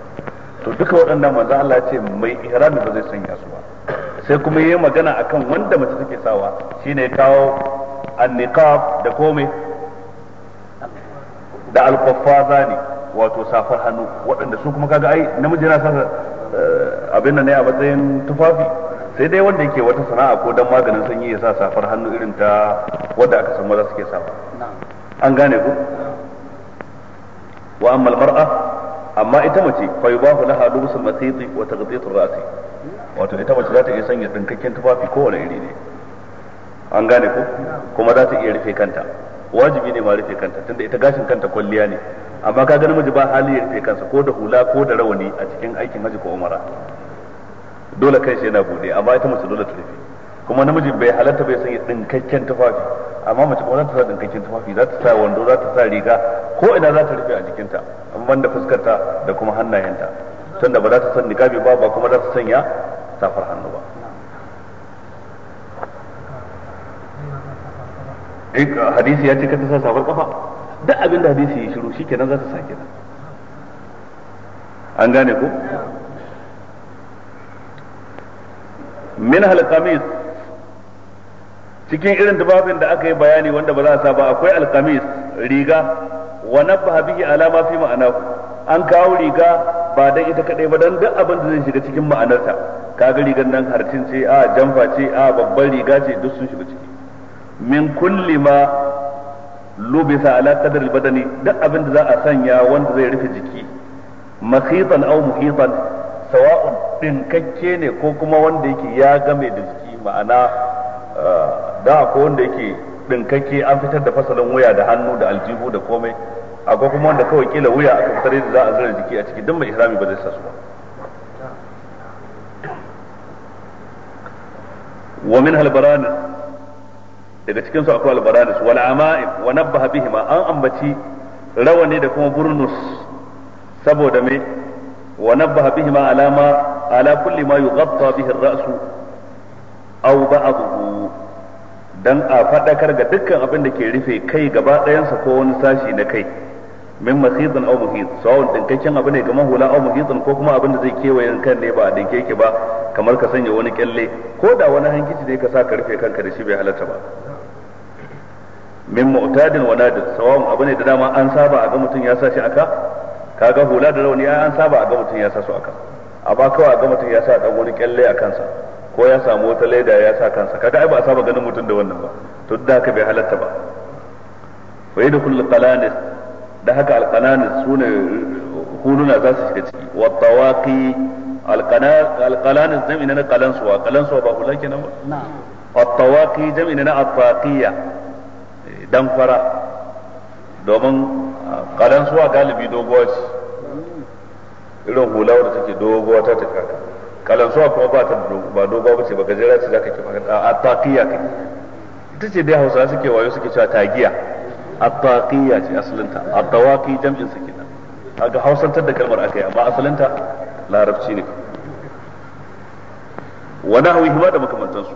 to duka waɗannan manzo Allah ya ce mai ihrami ba zai sanya su ba sai kuma yayi magana akan wanda mace take sawa shine kawo an-niqab da kome da al ne wato safar hannu waɗanda su kuma kaga ai namiji yana sa eh, abin nan ne a matsayin tufafi sai dai wanda yake wata sana'a ko dan maganin sanyi ya sa safar hannu irin ta wadda aka san maza suke safa an gane ku wa amma mar'a amma ita mace fa yubahu laha lubsul masiti wa taghtitu ra'si wato ita mace za ta iya sanya dinkakken tufafi ko wani iri ne an gane ku kuma za ta iya rufe kanta wajibi ne ma rufe kanta tunda ita gashin kanta kwalliya ne amma ka ga namiji ba hali ya rufe kansa ko da hula ko da rawani a cikin aikin haji ko umara dole kai shi yana bude amma ita mace dole ta rufe kuma namiji bai halatta bai sanya dinkakken tufafi amma mace kuma za ta sa dinkakken tufafi za ta sa wando za ta sa riga ko ina za ta rufe a jikinta amman da fuskarta da kuma hannayenta tunda ba za ta san niqabi ba ba kuma za ta sanya safar hannu ba hadisi ya ce ka ta sa safar kafa duk abin da hadisi ya shiru shikenan za ta sa kenan an gane ko min alqamis cikin irin dubabin da aka yi bayani wanda ba za a sa ba akwai alqamis riga wa nabbaha bihi alama fi ma'anahu an kawo riga ba dan ita kadai ba dan duk abin da zai shiga cikin ma'anarta kaga rigar nan harcin ce a jamfa ce a babban riga ce duk sun shiga ciki min kulli ma lubisa ala qadar badani duk abin da za a sanya wanda zai rufe jiki makhitan aw muhitan sawa'un tsinkakke ne ko kuma wanda yake ya game da jiki ma'ana eh, da akwai wanda yake tsinkakke an fitar da fasalin wuya da hannu da aljihu da komai akwai kuma wanda kawai kila wuya aka fitar da za a zira jiki a ciki duk mai ihrami ba zai sasu ba wa min halbaran daga cikin su akwai su wal ama'im wa nabbaha bihima an ambaci rawani da kuma burnus saboda me wa nabbaha bihima alama ala kulli ma yughatta bihi ar-ra'su aw ba'dahu dan a fadakar ga dukkan abin da ke rufe kai gaba ɗayansa ko wani sashi na kai min masidin aw muhit sawun dinkakken abu ne kamar hula aw muhitin ko kuma abin da zai kewaye kan ne ba a dinke ki ba kamar ka sanya wani kyalle ko da wani hankici ne ka sa ka rufe kanka da shi bai halatta ba min mu'tadin wa nadir sawun abu ne da dama an saba a ga mutum ya sa shi aka kaga hula da rauni an saba a ga mutum ya sa su aka amma kawai ga mutum ya sa dan wani kyalle a kansa ko ya samu wata leda ya sa kansa kaga ai ba a saba ganin mutum da wannan ba to da haka bai halatta ba fa kullu qalanis da haka alqalanis sune hununa za su shiga ciki wa tawaqi alqalanis zami na wa qalansu ba hula kenan ba na'am wa tawaqi jami na at eh, dan fara domin qalansuwa ah, galibi doguwa irin hula wadda take dogo ta tafi haka kalansuwa kuma ba ta ba dogo ba ce ba gajera ce zaka kifa a taqiya kai ita ce dai Hausawa suke wayo suke cewa tagiya a taqiya ce asalinta a tawaqi jam'in su kenan kaga Hausantar da kalmar yi amma asalinta larabci ne wa nahwihi da makamantansu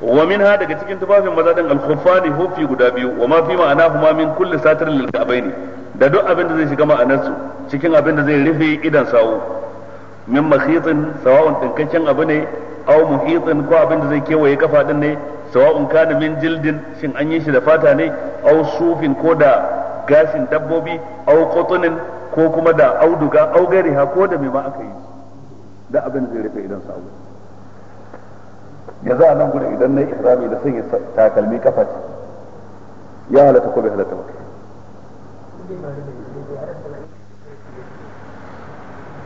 wa minha daga cikin tufafin maza din al-khuffani hufi guda biyu wa ma fi ma'ana huma min kulli satirin lil ka'baini da duk abin da zai shiga ma'anarsu cikin abin da zai rufe idan sawo min mahitin sawa'un dinkakken abu ne aw muhitin ko abin da zai kewaye kafa din ne sawa'un kana min jildin shin an yi shi da fata ne aw sufin ko da gashin dabbobi aw qutunin ko kuma da auduga aw gariha ko da me ma aka yi da abin da zai rufe idan sawo yanzu za a nan gudu idan na yi ihrami da sanya takalmi kafa ya halatta ko bai halatta ba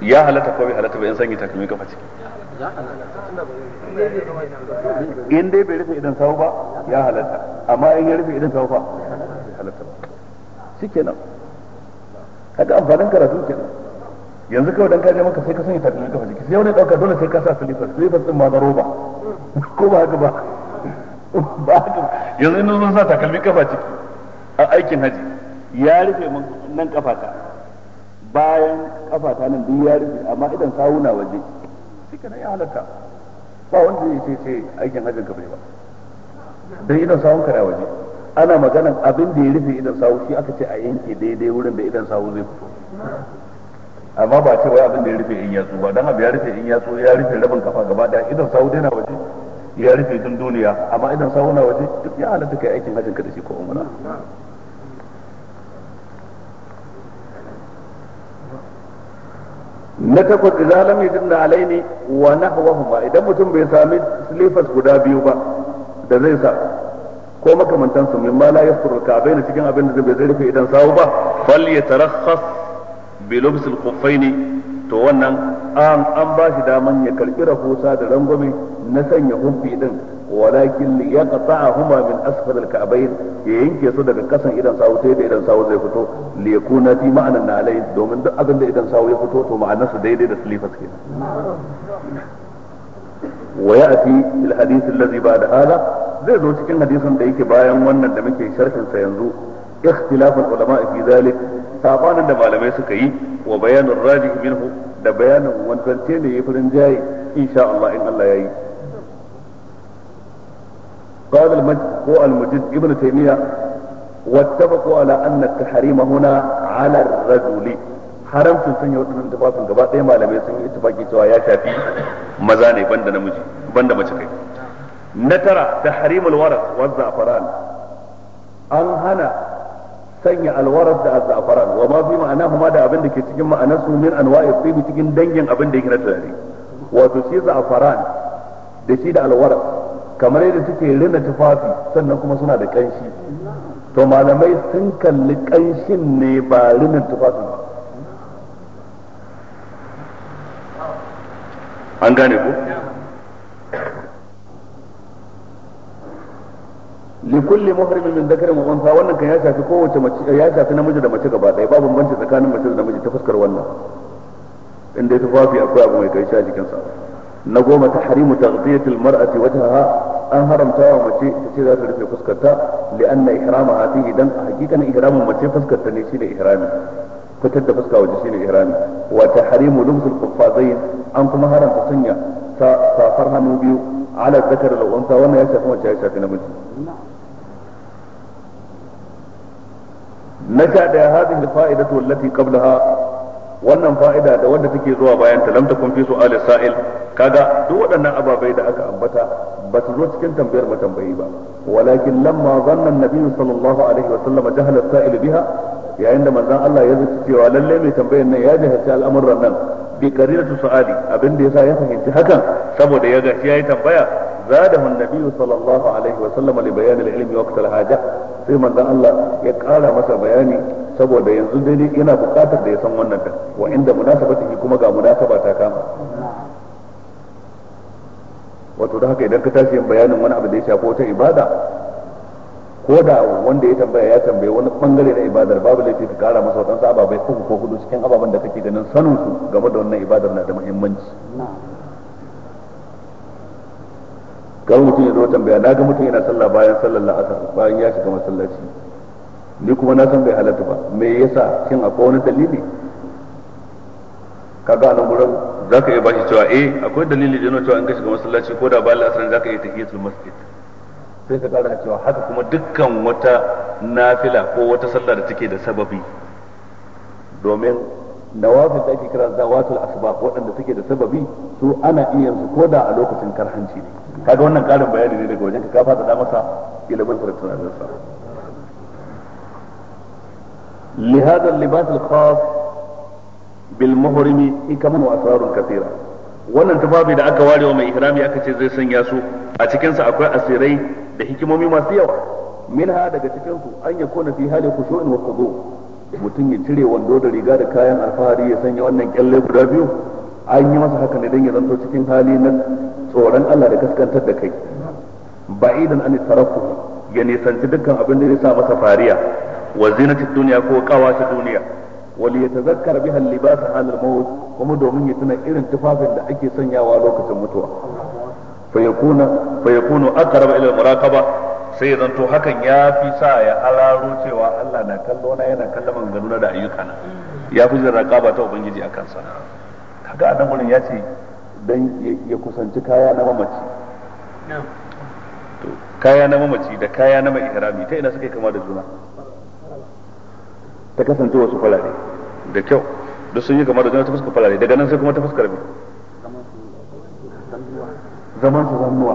ya halatta ko bai halatta bai in sanya takalmi kafa ciki in dai bai rufe idan sawu ba ya halatta amma in ya rufe idan sawu ba ya halatta ba shikenan kaga amfanin karatu kenan yanzu kawai dan kaje maka sai ka sanya takalmi kafa ciki sai wani dauka dole sai ka sa slippers slippers din ma na roba ko ba haka ba ba haka yanzu in zan sa takalmi kafa ciki a aikin haji ya rufe nan kafata bayan kafata nan duk ya rufe amma idan sawu na waje shike nan ya halatta ba wanda zai ce ce aikin hajjin ka bai ba dan idan sawun ka na waje ana maganan abin da ya rufe idan sawu shi aka ce a yanke daidai wurin da idan sawu zai fito amma ba ce wai abin da ya rufe in yatsu ba dan abu ya rufe in yatsu ya rufe rabin kafa gaba daya idan sawu dai na waje ya rufe tun duniya amma idan sawu na waje duk ya halatta kai aikin hajjin ka da shi ko umra na takwas idza lam yajid alaini wa nahwahuma idan mutum bai sami silifas guda biyu ba da zai sa ko makamantan su min ma la yasturu ka cikin abin da zai zai rufe idan sawu ba fal yatarakhas bi lubs al to wannan an an ba shi daman ya karbi rahusa da rangwame na sanya humfi din walakin li yaqta'ahuma min asfal al-ka'bayn ya yanke su daga kasan idan sawu sai da idan sawu zai fito li yakuna fi ma'anan nalai domin duk abin da idan sawu ya fito to ma'anar su daidai da silifas
kenan
wa ya'ti fil hadith alladhi ba'da ala zai zo cikin hadisin da yake bayan wannan da muke sharhin sa yanzu ikhtilaful ulama fi zalik sabanin da malamai suka yi wa bayanin rajih minhu da bayanin wanzance ne ya farin jayi insha Allah in Allah yayi قال المجد المجد ابن تيمية واتفقوا على أن التحريم هنا على الرجل haramcin sanya waɗannan tufafin gaba ɗaya malamai sun yi ittifaki cewa ya shafi maza ne banda namiji mace kai na tara tahrimul wa zafaran an hana sanya alwarar da azzafaran wa ma fi huma da abin da ke cikin ma'anar su min anwa'i tsibi cikin dangin abin da yake na turare wato shi za'afaran da shi da alwarar kamar yadda suke rina tufafi sannan kuma suna da kanshi to malamai sun kalli kanshin ne ba rinin tufafi ba an gane ko li kulli muhrimin min dhakarin wa unsa wannan kan ya shafi namiji da mace gaba ɗaya ba bambanci tsakanin mace da namiji ta fuskar wannan inda tufafi akwai abu mai kai a jikinsa na goma ta harimu taghdiyatil mar'ati wajhaha an haramta wa mace ta ce za ta rufe fuskarta li'anna ihramaha idan a hakikan ihramin mace fuskarta ne shine ihrami fitar da fuska waje shine ihrami wa tahrimu lumsul quffazain an kuma haramta sanya safar hannu biyu ala zakar da unsa wannan ya shafi mace ya shafi namiji na sha da hadhihi al fa'idatu lati qablaha wannan fa'ida da wanda take zuwa bayan ta lam fi su'al sa'il kaga duk waɗannan ababai da aka ambata ba su zo cikin tambayar tambayi ba walakin lamma zanna annabi sallallahu alaihi wa sallam jahala sa'il biha yayin da manzon Allah ya zaci cewa lalle mai tambayar nan ya jahilci al'amuran nan bi qarinatu su'ali abin da yasa ya fahimci hakan saboda ya gashi yayi tambaya zadahu an-nabi sallallahu alaihi wa sallam li bayan al-ilmi waqt al-haja sai manzon Allah ya kara masa bayani saboda yanzu dai yana buƙatar da ya san wannan da wa inda munasabatihi kuma ga munasaba ta kama wato da haka idan ka tashi yin bayanin wani abu da ya shafi wata ibada ko da wanda ya tambaya ya tambaye wani bangare na ibadar babu laifi ka kara masa wadansu ababai uku ko hudu cikin ababen da kake ganin sanin su game da wannan ibadar na da muhimmanci kawai mutum ya zo tambaya na ga mutum yana sallah bayan sallar la'asar bayan ya shiga masallaci ni kuma na san bai halatta ba me yasa shin akwai wani dalili Ka ga anan gurin ka iya bashi cewa eh akwai dalili da yana cewa in ka shiga masallaci ko da bayan la'asar zaka iya tafiya masjid sai ka kara cewa haka kuma dukkan wata nafila ko wata sallah da take da sababi domin nawafil da ake kira zawatul asbab waɗanda take da sababi su ana iya ko da a lokacin karhanci ne kaga wannan karin bayani ne daga wajen ka fada da masa ilimin da tunanin sa khas bil muhrimi بالمهرم wa وأسرار كثيرة wannan tufafi da aka ware wa mai ihrami aka ce zai sanya su a cikinsa akwai asirai da hikimomi masu yawa Min minha daga cikinsu an ya kona fi hali khushu'in wa khudu mutum ya cire wando da riga da kayan alfahari ya sanya wannan kyalle guda biyu an yi masa haka ne dan ya zanto cikin hali na tsoron Allah da kaskantar da kai ba'idan an tarakku ya nisanci dukkan abin da ya sa masa fariya wa zinatu duniya ko kawace duniya wali ya tazakkar biha libas halal maut kuma domin ya tuna irin tufafin da ake sanyawa lokacin mutuwa fa yakuna fa yakunu aqrab ila muraqaba sai zanto hakan ya fi sa ya alaro cewa Allah na kallo na yana kallon manganuna da ayyukana ya fi jin raqaba ta ubangiji akan sa kaga adam gurin ya ce dan ya kusanci kaya na mamaci to kaya na mamaci da kaya na mai ihrami ta ina suka kama da juna ta kasance wasu falare da kyau duk sun yi kamar da juna ta fuskar farare daga nan sai kuma ta fuskar mai zaman su zannuwa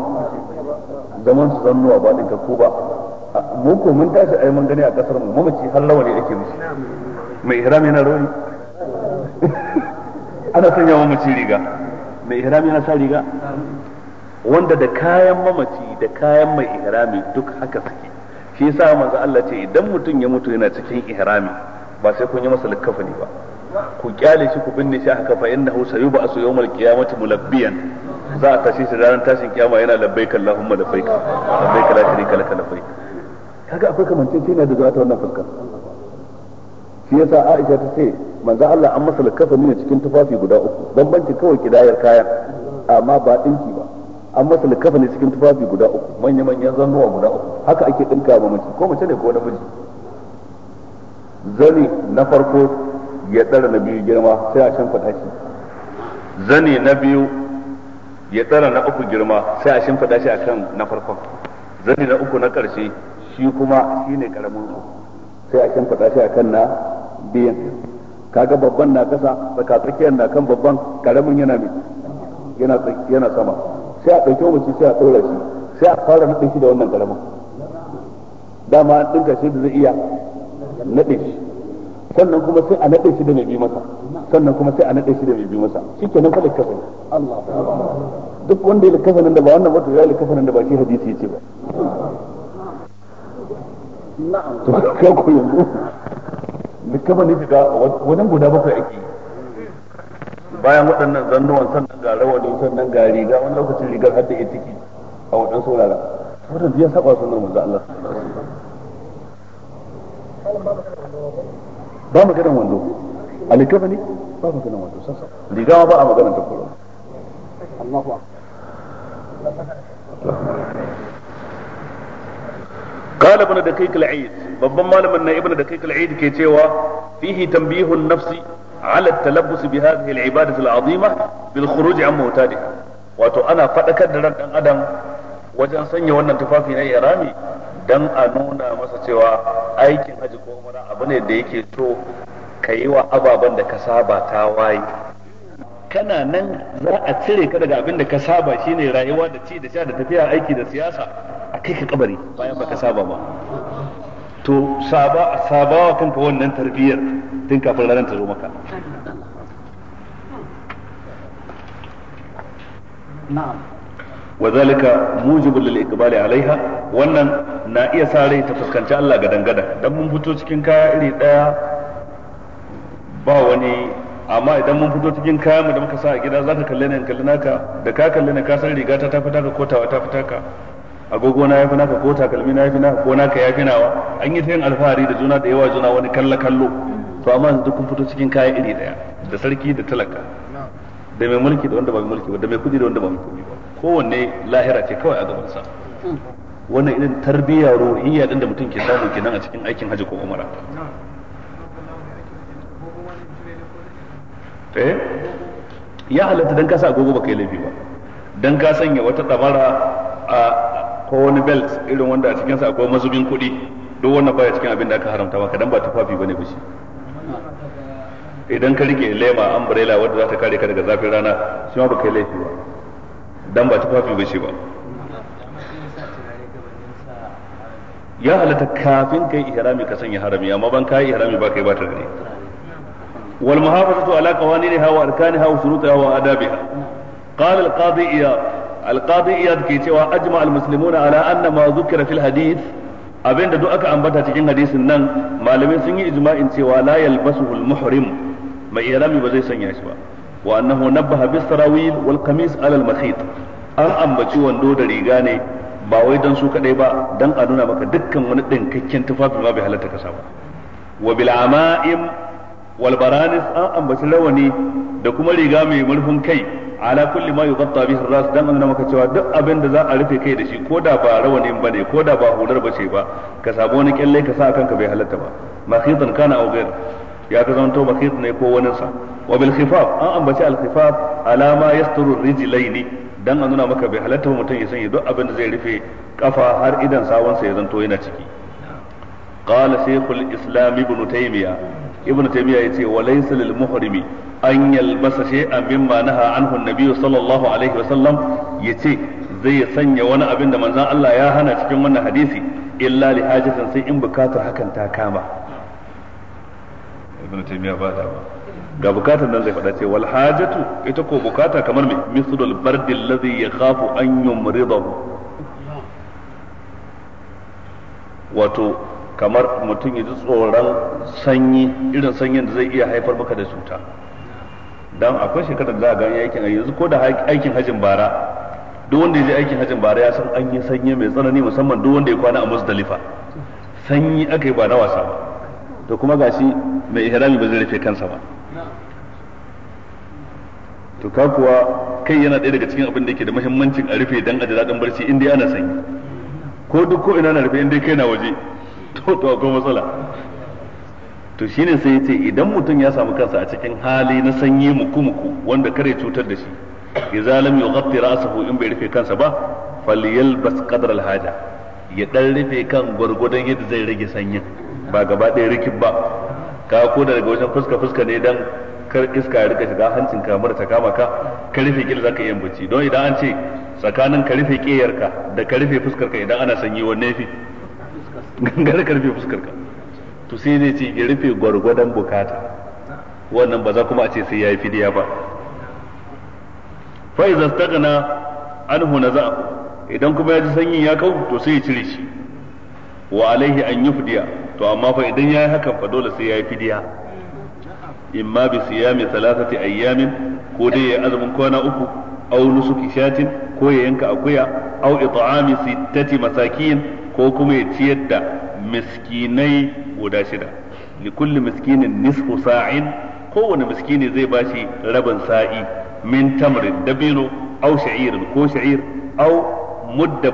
zaman su zannuwa ba ɗin ko ba mu ko mun tashi ai mun gani a kasar mu mamaci har lawani ake musu mai ihram yana rauni ana sanya mamaci riga mai ihrami yana sa riga wanda da kayan mamaci da kayan mai ihrami duk haka suke shi yasa manzo Allah ce idan mutum ya mutu yana cikin ihrami ba sai kun yi masa likafani ba ku kyale shi ku binne shi haka fa innahu sayuba asu yawmal qiyamati mulabbiyan za a tashi shi ranar tashin kiyama yana labbaik Allahumma labbaik labbaik la sharika lak labbaik kaga akwai kamanceceniya da zuwa ta wannan fuskar shi yasa Aisha ta ce manzo Allah an masa likafani ne cikin tufafi guda uku bambancin kawai kidayar kayan amma ba dinki ba an masa likafa ne cikin tufafi guda uku manya manyan zannuwa guda uku haka ake dinka ba mace ko mace ne ko namiji zani na farko ya tsara na biyu girma sai a shan fada shi zani na biyu ya tsara na uku girma sai a shan fada shi akan na farkon zani na uku na karshe shi kuma shine karamin sai a shan fada shi akan na biyan kaga babban na kasa tsaka tsakiyar na kan babban karamin yana yana sama sai a ɗauki mace sai a ɗora shi sai a fara naɗin shi da wannan ƙaramin dama an ɗinka shi da zai iya naɗe shi sannan kuma sai a naɗe shi da mai bi masa sannan kuma sai a naɗe shi da mai bi masa shi kenan fa likafin duk wanda ya nan da ba wannan wato ya nan da ba shi hadisi ya ce ba to ka koyo ne da wannan guda bakwai ake bayan waɗannan zannuwan sannan ga rawani sannan ga riga wani lokacin rigar hadda ya itiki a waɗansu wuraren saboda biya saba sunan manzo Allah ba maganan wando a littafa ne ba maganan wando sassa riga ma ba a maganan takwaro Allahu قال ابن دقيق العيد babban malamin na ibn da kai kal'id ke cewa fihi tambihun nafsi على التلبس بهذه العبادة العظيمة بالخروج عن موتادها an wato ana faɗakar da ran ɗan adam wajen sanya wannan tufafi na irami dan a nuna masa cewa aikin haji ko umara abu ne da yake so ka yi wa ababen da ka saba ta waye kana nan za a cire ka daga abin da ka saba shi ne rayuwa da ci da sha da tafiya aiki da siyasa a kai ka kabari bayan baka saba ba to saba sabawa kanka wannan tarbiyyar tun kafin ranar ta zo maka وذلك موجب للإقبال عليها wannan na iya sa rai ta fuskanci Allah ga dangada dan mun fito cikin kaya iri daya ba wani amma idan mun fito cikin kaya mu da muka sa a gida za ka kalle ni in kalle naka da ka kalle ni ka san riga ta tafi taka ko wa ta fita ka agogo na yafi naka ko takalmi na yafi naka ko naka yafi nawa an yi ta alfahari da juna da yawa juna wani kalla kallo to amma yanzu kun fito cikin kaya iri daya da sarki da talaka da mai mulki da wanda ba mai mulki ba da mai kudi da wanda ba mai kudi ba kowanne lahira ce kawai a gaban sa wannan irin tarbiyya ruhiyya din da mutum ke samu kenan a cikin aikin hajji ko umara eh ya halatta dan ka sa agogo baka yi laifi ba dan ka sanya wata dabara a ko wani belt irin wanda a cikin sa akwai mazubin kuɗi duk wannan baya cikin abin da aka haramta maka dan ba tufafi bane ba shi idan ka rike lema umbrella wadda za ta kare ka daga zafin rana shi ma ba laifi ba dan ba tufafi ba shi ba ya halatta kafin kai ihrami ka sanya harami amma ban kai ihrami ba kai ba ta gani wal muhafazatu ala qawaniniha wa arkaniha hawa shurutiha wa adabiha qala al qadi iyad al qadi iyad ke cewa ajma al muslimuna ala anna ma dhukira fil hadith abinda duk aka ambata cikin hadisin nan malamai sun yi ijma'in cewa la yalbasu al muhrim mai irami ba zai sanya shi ba wa annahu nabbaha bis sarawil wal qamis ala al makhit an ambaci wando da riga ne ba wai dan su kadai ba dan a nuna maka dukkan wani dinkakken tufafi ma bai halatta ka ba wa bil ama'im wal baranis an ambaci lawani da kuma riga mai murfin kai ala kulli ma yughatta bihi ar-ras dan an maka cewa duk abin da za a rufe kai da shi koda ba rawanin bane da ba hular bace ba ka samu wani kyalle ka sa kanka bai halatta ba makhitan kana aw ghair ya ta zanto bakis ne ko wani sa wa bil khifaf an ambaci al khifaf alama yasturu rijlaini dan a nuna maka bai halatta mutum ya sanya duk abin da zai rufe kafa har idan sa ya zanto yana ciki qala shaykhul islam ibn taymiya ibn taymiya yace wa laysa lil muhrimi an yalbasa shay'an mimma naha anhu an sallallahu alaihi wa sallam yace zai sanya wani abin da manzon Allah ya hana cikin wannan hadisi illa li hajatin sai in bukatar hakan ta kama ibn taymiya ba da ga bukatar nan zai faɗa ce wal hajatu ita ko bukata kamar mai misdul bardil ladhi yakhafu an yumridahu wato kamar mutum ya ji tsoron sanyi irin sanyin da zai iya haifar maka da cuta dan akwai shekarar da za a ga aikin yanzu ko da aikin hajin bara duk wanda ya je aikin hajin bara ya san an yi sanyi mai tsanani musamman duk wanda ya kwana a musdalifa sanyi aka yi ba na wasa ba to kuma gashi mai ihrami ba zai rufe kansa ba to ka kuwa kai yana ɗaya daga cikin abin da yake da muhimmancin a rufe dan a daɗin barci in dai ana sanyi ko duk ko ina na rufe in dai kai na waje to to akwai matsala to shine sai yace idan mutum ya samu kansa a cikin hali na sanyi muku muku wanda kare cutar da shi ya idza lam yughatti ra'sahu in bai rufe kansa ba falyalbas bas al-haja ya dan rufe kan gwargwadon yadda zai rage sanyin ba gaba ɗaya rikin ba ka koda daga wajen fuska fuska ne dan kar iska ya rika shiga hancin ka mara ta kama ka ka rufe kil zaka iya bacci don idan an ce tsakanin ka rufe ka da ka rufe fuskar ka idan ana sanyi wanne yafi gangar ka rufe fuskar ka to sai zai ce ya rufe gwargwadon bukata wannan ba za kuma a ce sai yayi fidiya ba fa iza staghna anhu naza idan kuma ya ji sanyin ya kau to sai ya cire shi wa alaihi an yufdiya to amma fa idan yayi hakan fa dole sai yayi fidiya ma bi siyami thalathati ayyamin ko dai ya azumin kwana uku aw nusuki shatin ko ya yanka akuya aw it'ami sittati masakin ko kuma ya ciyar da miskinai guda shida kulli miskinin nisfu sa'in kowane miskini zai bashi rabin sa'i min tamrin dabino aw sha'irin ko sha'ir aw mudda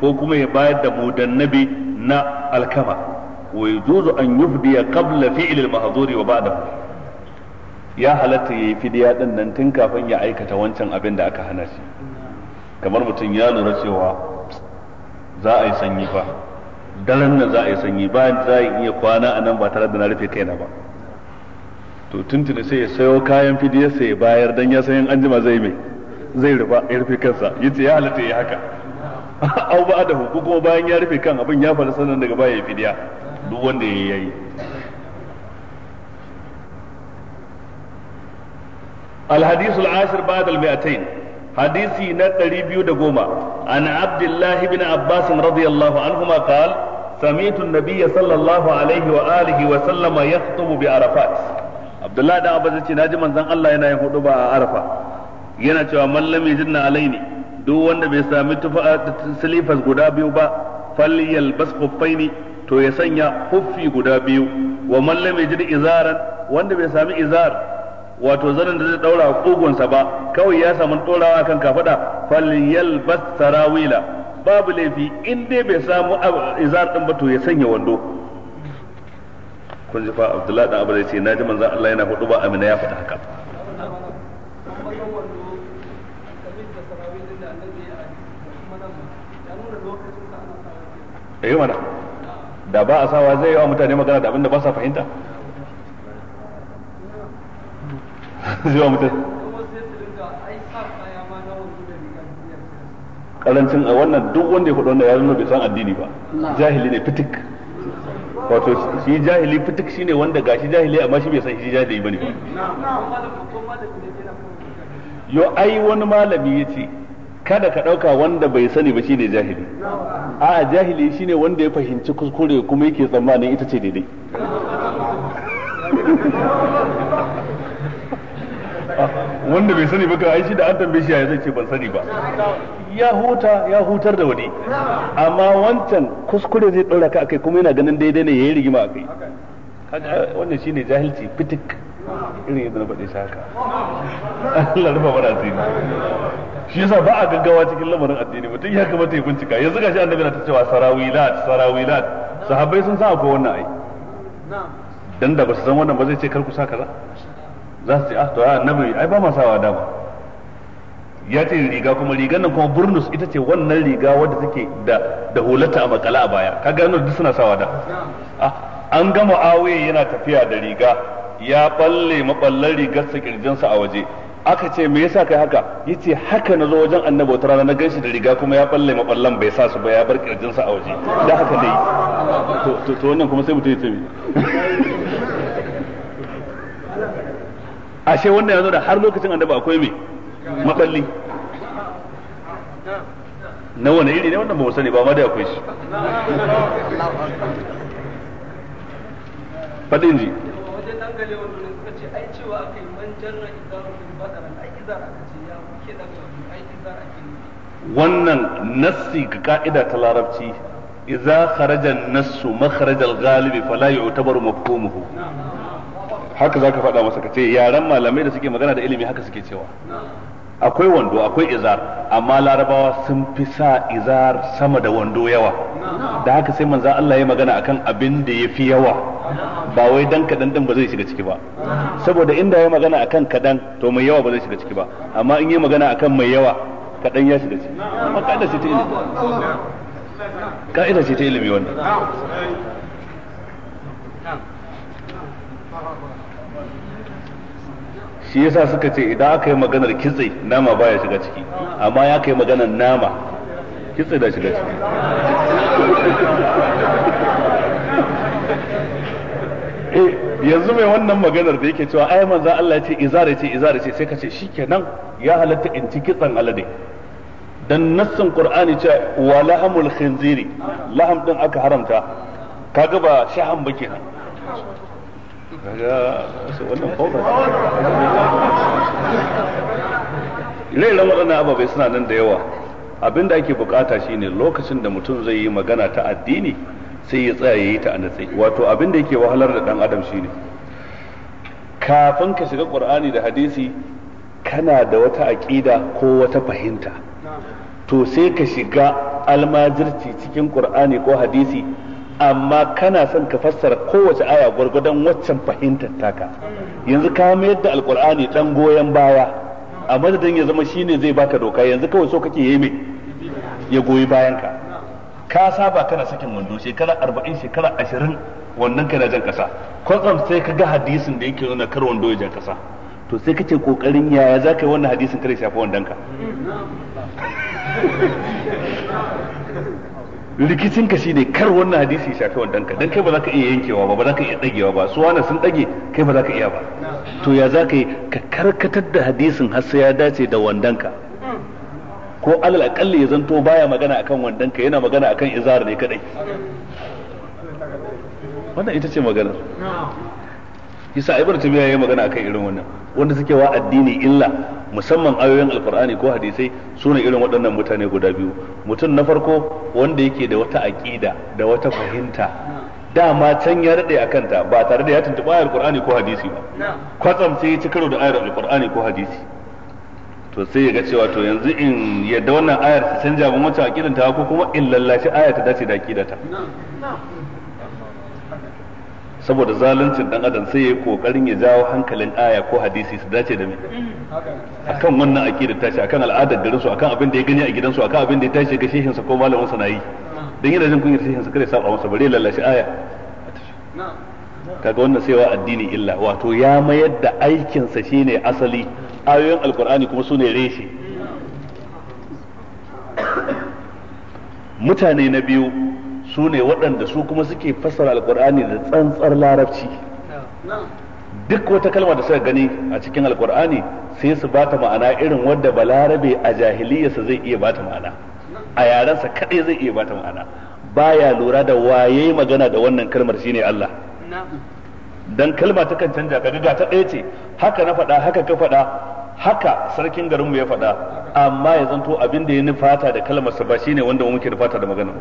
ko kuma ya bayar da mudannabi na alkama wa zuzu an yufdiya qabla fi'l al-mahzuri wa ba'dahu ya halatta yayi fidiya din tun kafin ya aikata wancan abin aka hana shi kamar mutum ya lura cewa za a yi sanyi fa daren nan za a yi sanyi ba za a iya kwana a nan ba tare da na rufe kaina ba to tuntuni sai ya sayo kayan fidiyar sai ya bayar dan ya san anjima zai mai zai rufa ya rufe kansa yace ya halatta ya haka au ba da ko bayan ya rufe kan abin ya faru sannan daga baya ya fidiya duk wanda ya yi الحديث العاشر بعد المئتين حديثي نتري بيو دقوما عن عبد الله بن عباس رضي الله عنهما قال سمعت النبي صلى الله عليه وآله وسلم يخطب بعرفات عبد الله بن عباس ناجي من زن الله ينا يخطب عرفة yana cewa mallam yajinna alaini duk wanda bai sami tufa silifas guda biyu ba falyal bas khuffaini to ya sanya huffi guda biyu wa mallam ya yajid izaran wanda bai sami izar wato zanin da zai daura a kugunsa ba kawai ya samu dorawa kan kafada falyalbas sarawila babu laifi in dai bai samu izar din ba to ya sanya wando kun ji fa Abdullahi dan Abu ce naji manzon Allah yana hudu ba Amina ya faɗi haka eh mana da ba a sawa zai yi wa mutane magana da abin da ba sa fahimta zai wa mutane karancin a wannan duk wanda ya kudu wanda ya zama bai san addini ba jahili ne fitik wato shi jahili fitik shine wanda gashi jahili amma shi bai san shi jahili bane ba yo ai wani malami yace kada ka ɗauka wanda bai sani ba shine jahili a jahili shine wanda ya fahimci kuskure kuma yake tsammanin ita ce daidai wanda bai sani ba ka aishi da an tambaye shi ya zai ce ban sani ba ya huta ya hutar da wani amma wancan kuskure zai ɗora ka akai kuma yana ganin daidai ne yi rigima akai kaga wannan shine jahilci fitik irin yadda na faɗe shi haka Allah rufa mana asiri shi yasa ba a gaggawa cikin lamarin addini mutum ya kamata ya bincika yanzu gashi annabi na ta cewa sarawilat sarawilat sahabbai sun san akwai wannan ai dan da ba su san wannan ba zai ce kar ku sa kaza za su ce ah to annabi ai ba ma sawa dama ya ce riga kuma rigan nan kuma burnus ita ce wannan riga wadda take da da hulata a makala a baya kaga nan duk suna sawa da ah, an gama awaye yana tafiya da riga ya balle maballan rigarsa kirjinsa a waje aka ce me yasa kai haka yace haka na zo wajen annabi wata rana na ganshi da riga kuma ya balle maballan bai sa su ba ya bar kirjinsa a waje da haka dai to to wannan kuma sai mutum ya ce ashe wannan ya da har lokacin annabi akwai me maballi na wani iri ne wannan ba mu sani ba ma dai akwai shi
fadin ji wannan suka ce ai cewa badaran ai aka ce ya da ai
wannan nassi ga ka'ida ta larabci idza kharaja an-nassu makharaj al-ghalib fala yu'tabaru mafhumuhu haka zaka faɗa masa kace yaran malamai da suke magana da ilimi haka suke cewa akwai wando akwai izar amma larabawa sun fi sa izar sama da wando yawa da haka sai manzo Allah ya magana akan abin da ya fi yawa ba wai dan kadan din ba zai shiga ciki ba saboda inda ya magana akan kadan to mai yawa ba zai shiga ciki ba amma in ya magana akan mai yawa kadan ya shiga ciki amma kaida ce ta ilimi kaida ce ta ilimi wannan shi yasa suka ce idan aka yi maganar kitse nama baya shiga ciki amma ya kai maganar nama kitse da shiga ciki eh, yanzu mai wannan maganar da yake cewa ai manzo Allah ya ce izara ce izara ce sai ka ce shikenan ya halatta in ci kitsan alade dan nassin qur'ani ce wa lahamul khinziri laham din aka haramta kaga ba shaham ba kenan kaga wannan ire-iren waɗannan ababai suna nan da yawa abinda ake bukata shine lokacin da mutum zai yi magana ta addini sai ya tsaya yi ta annatsai wato abin da yake wahalar da ɗan adam shine kafin ka shiga qur'ani da hadisi kana da wata aƙida ko wata fahimta to sai ka shiga almajirci cikin qur'ani ko hadisi amma kana son ka fassara kowace aya gwargwadon waccan fahimtar taka yanzu ka mayar da alkur'ani dan goyon baya a madadin ya zama shine zai baka doka yanzu kawai so kake yi ya goyi bayan ka ka saba kana sakin wando shekara arba'in shekara ashirin wannan kana jan kasa kwatsam sai ka ga hadisin da yake nuna kar wando ya jan kasa to sai kace kokarin yaya za ka yi wannan hadisin kare shafi wandon ka rikicin ka ne kar wannan hadisi shafi wannan ka dan kai ba za ka iya yankewa ba ba za ka iya dagewa ba su wani sun dage kai ba za ka iya ba to ya za ka ka karkatar da hadisin har sai ya dace da wandan ka ko alal akalli ya zanto baya magana akan wandan ka yana magana akan izar ne kadai wannan ita ce magana. yasa ibn tabiya yayi magana akan irin wannan wanda suke wa addini illa musamman ayoyin alqur'ani ko hadisai sune irin waɗannan mutane guda biyu mutum na farko wanda yake da wata aqida da wata fahimta dama can ya rade akan ta ba tare da ya tuntuɓa ayar alqur'ani ko hadisi ba kwatsam sai ya ci karo da ayar alqur'ani ko hadisi to sai ya ga cewa to yanzu in yadda wannan ayar ta canja mun wata aqidan ta ko kuma in lallashi ayar ta dace da aqidata saboda zaluncin dan adam sai ya yi kokarin ya jawo hankalin aya ko hadisi su dace da me akan wannan aqida tashi akan al'adar garin su akan abin da ya gani a gidansu akan abin da ya tashi ga shehin sa ko malamin sa yi dan yana jin kunyar shehin sa kare saba masa bare lallashi aya kaga wannan sai wa addini illa wato ya mayar da aikin sa shine asali ayoyin alqur'ani kuma sune reshe mutane na biyu su ne waɗanda su kuma suke fassara alkur'ani da tsantsar larabci duk wata kalma da suka gani a cikin alkur'ani sai su bata ma'ana irin wadda balarabe a jahiliyarsa zai iya bata ma'ana a yarensa kaɗai zai iya bata ma'ana baya lura da waye magana da wannan kalmar shine Allah dan kalma ta kan canja ka ga ta ɗaya ce haka na faɗa haka ka faɗa haka sarkin garinmu ya faɗa amma ya zanto abin da ya nufata da kalmarsa ba shine wanda muke nufata da maganar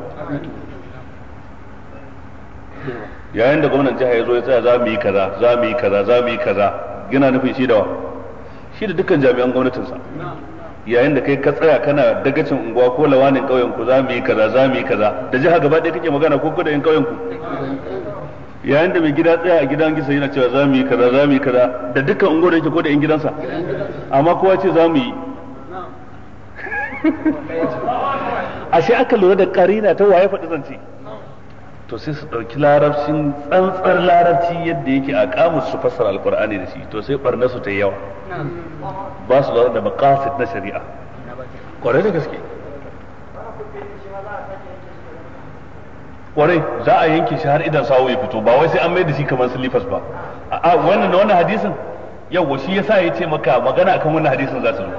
yayin da gwamnan jiha ya zo ya tsaya za mu yi kaza za mu yi kaza za mu yi kaza yana nufin shi da wa shi da dukkan jami'an gwamnatinsa yayin da kai ka tsaya kana dagacin unguwa ko lawanin ƙauyen ku za mu yi kaza za mu yi kaza da jiha gaba ɗaya kake magana ko kudayen ƙauyen ku yayin da mai gida tsaya a gidan gisa yana cewa za mu yi kaza za mu yi kaza da dukkan unguwar yake ko da yan gidansa amma kowa ce za mu yi ashe aka lura da karina ta waye faɗi zance to sai su ɗauki larabcin tsantsar larabci yadda yake a kamus su fassara alkur'ani da shi to sai barna su ta yawa ba su lura da maqasid na shari'a kwarai da gaske kwarai za a yanke shi har idan sawo ya fito ba wai sai an mai da shi kamar silifas ba a wannan da wannan hadisin yau shi yasa ya ce maka magana akan wannan hadisin za su zo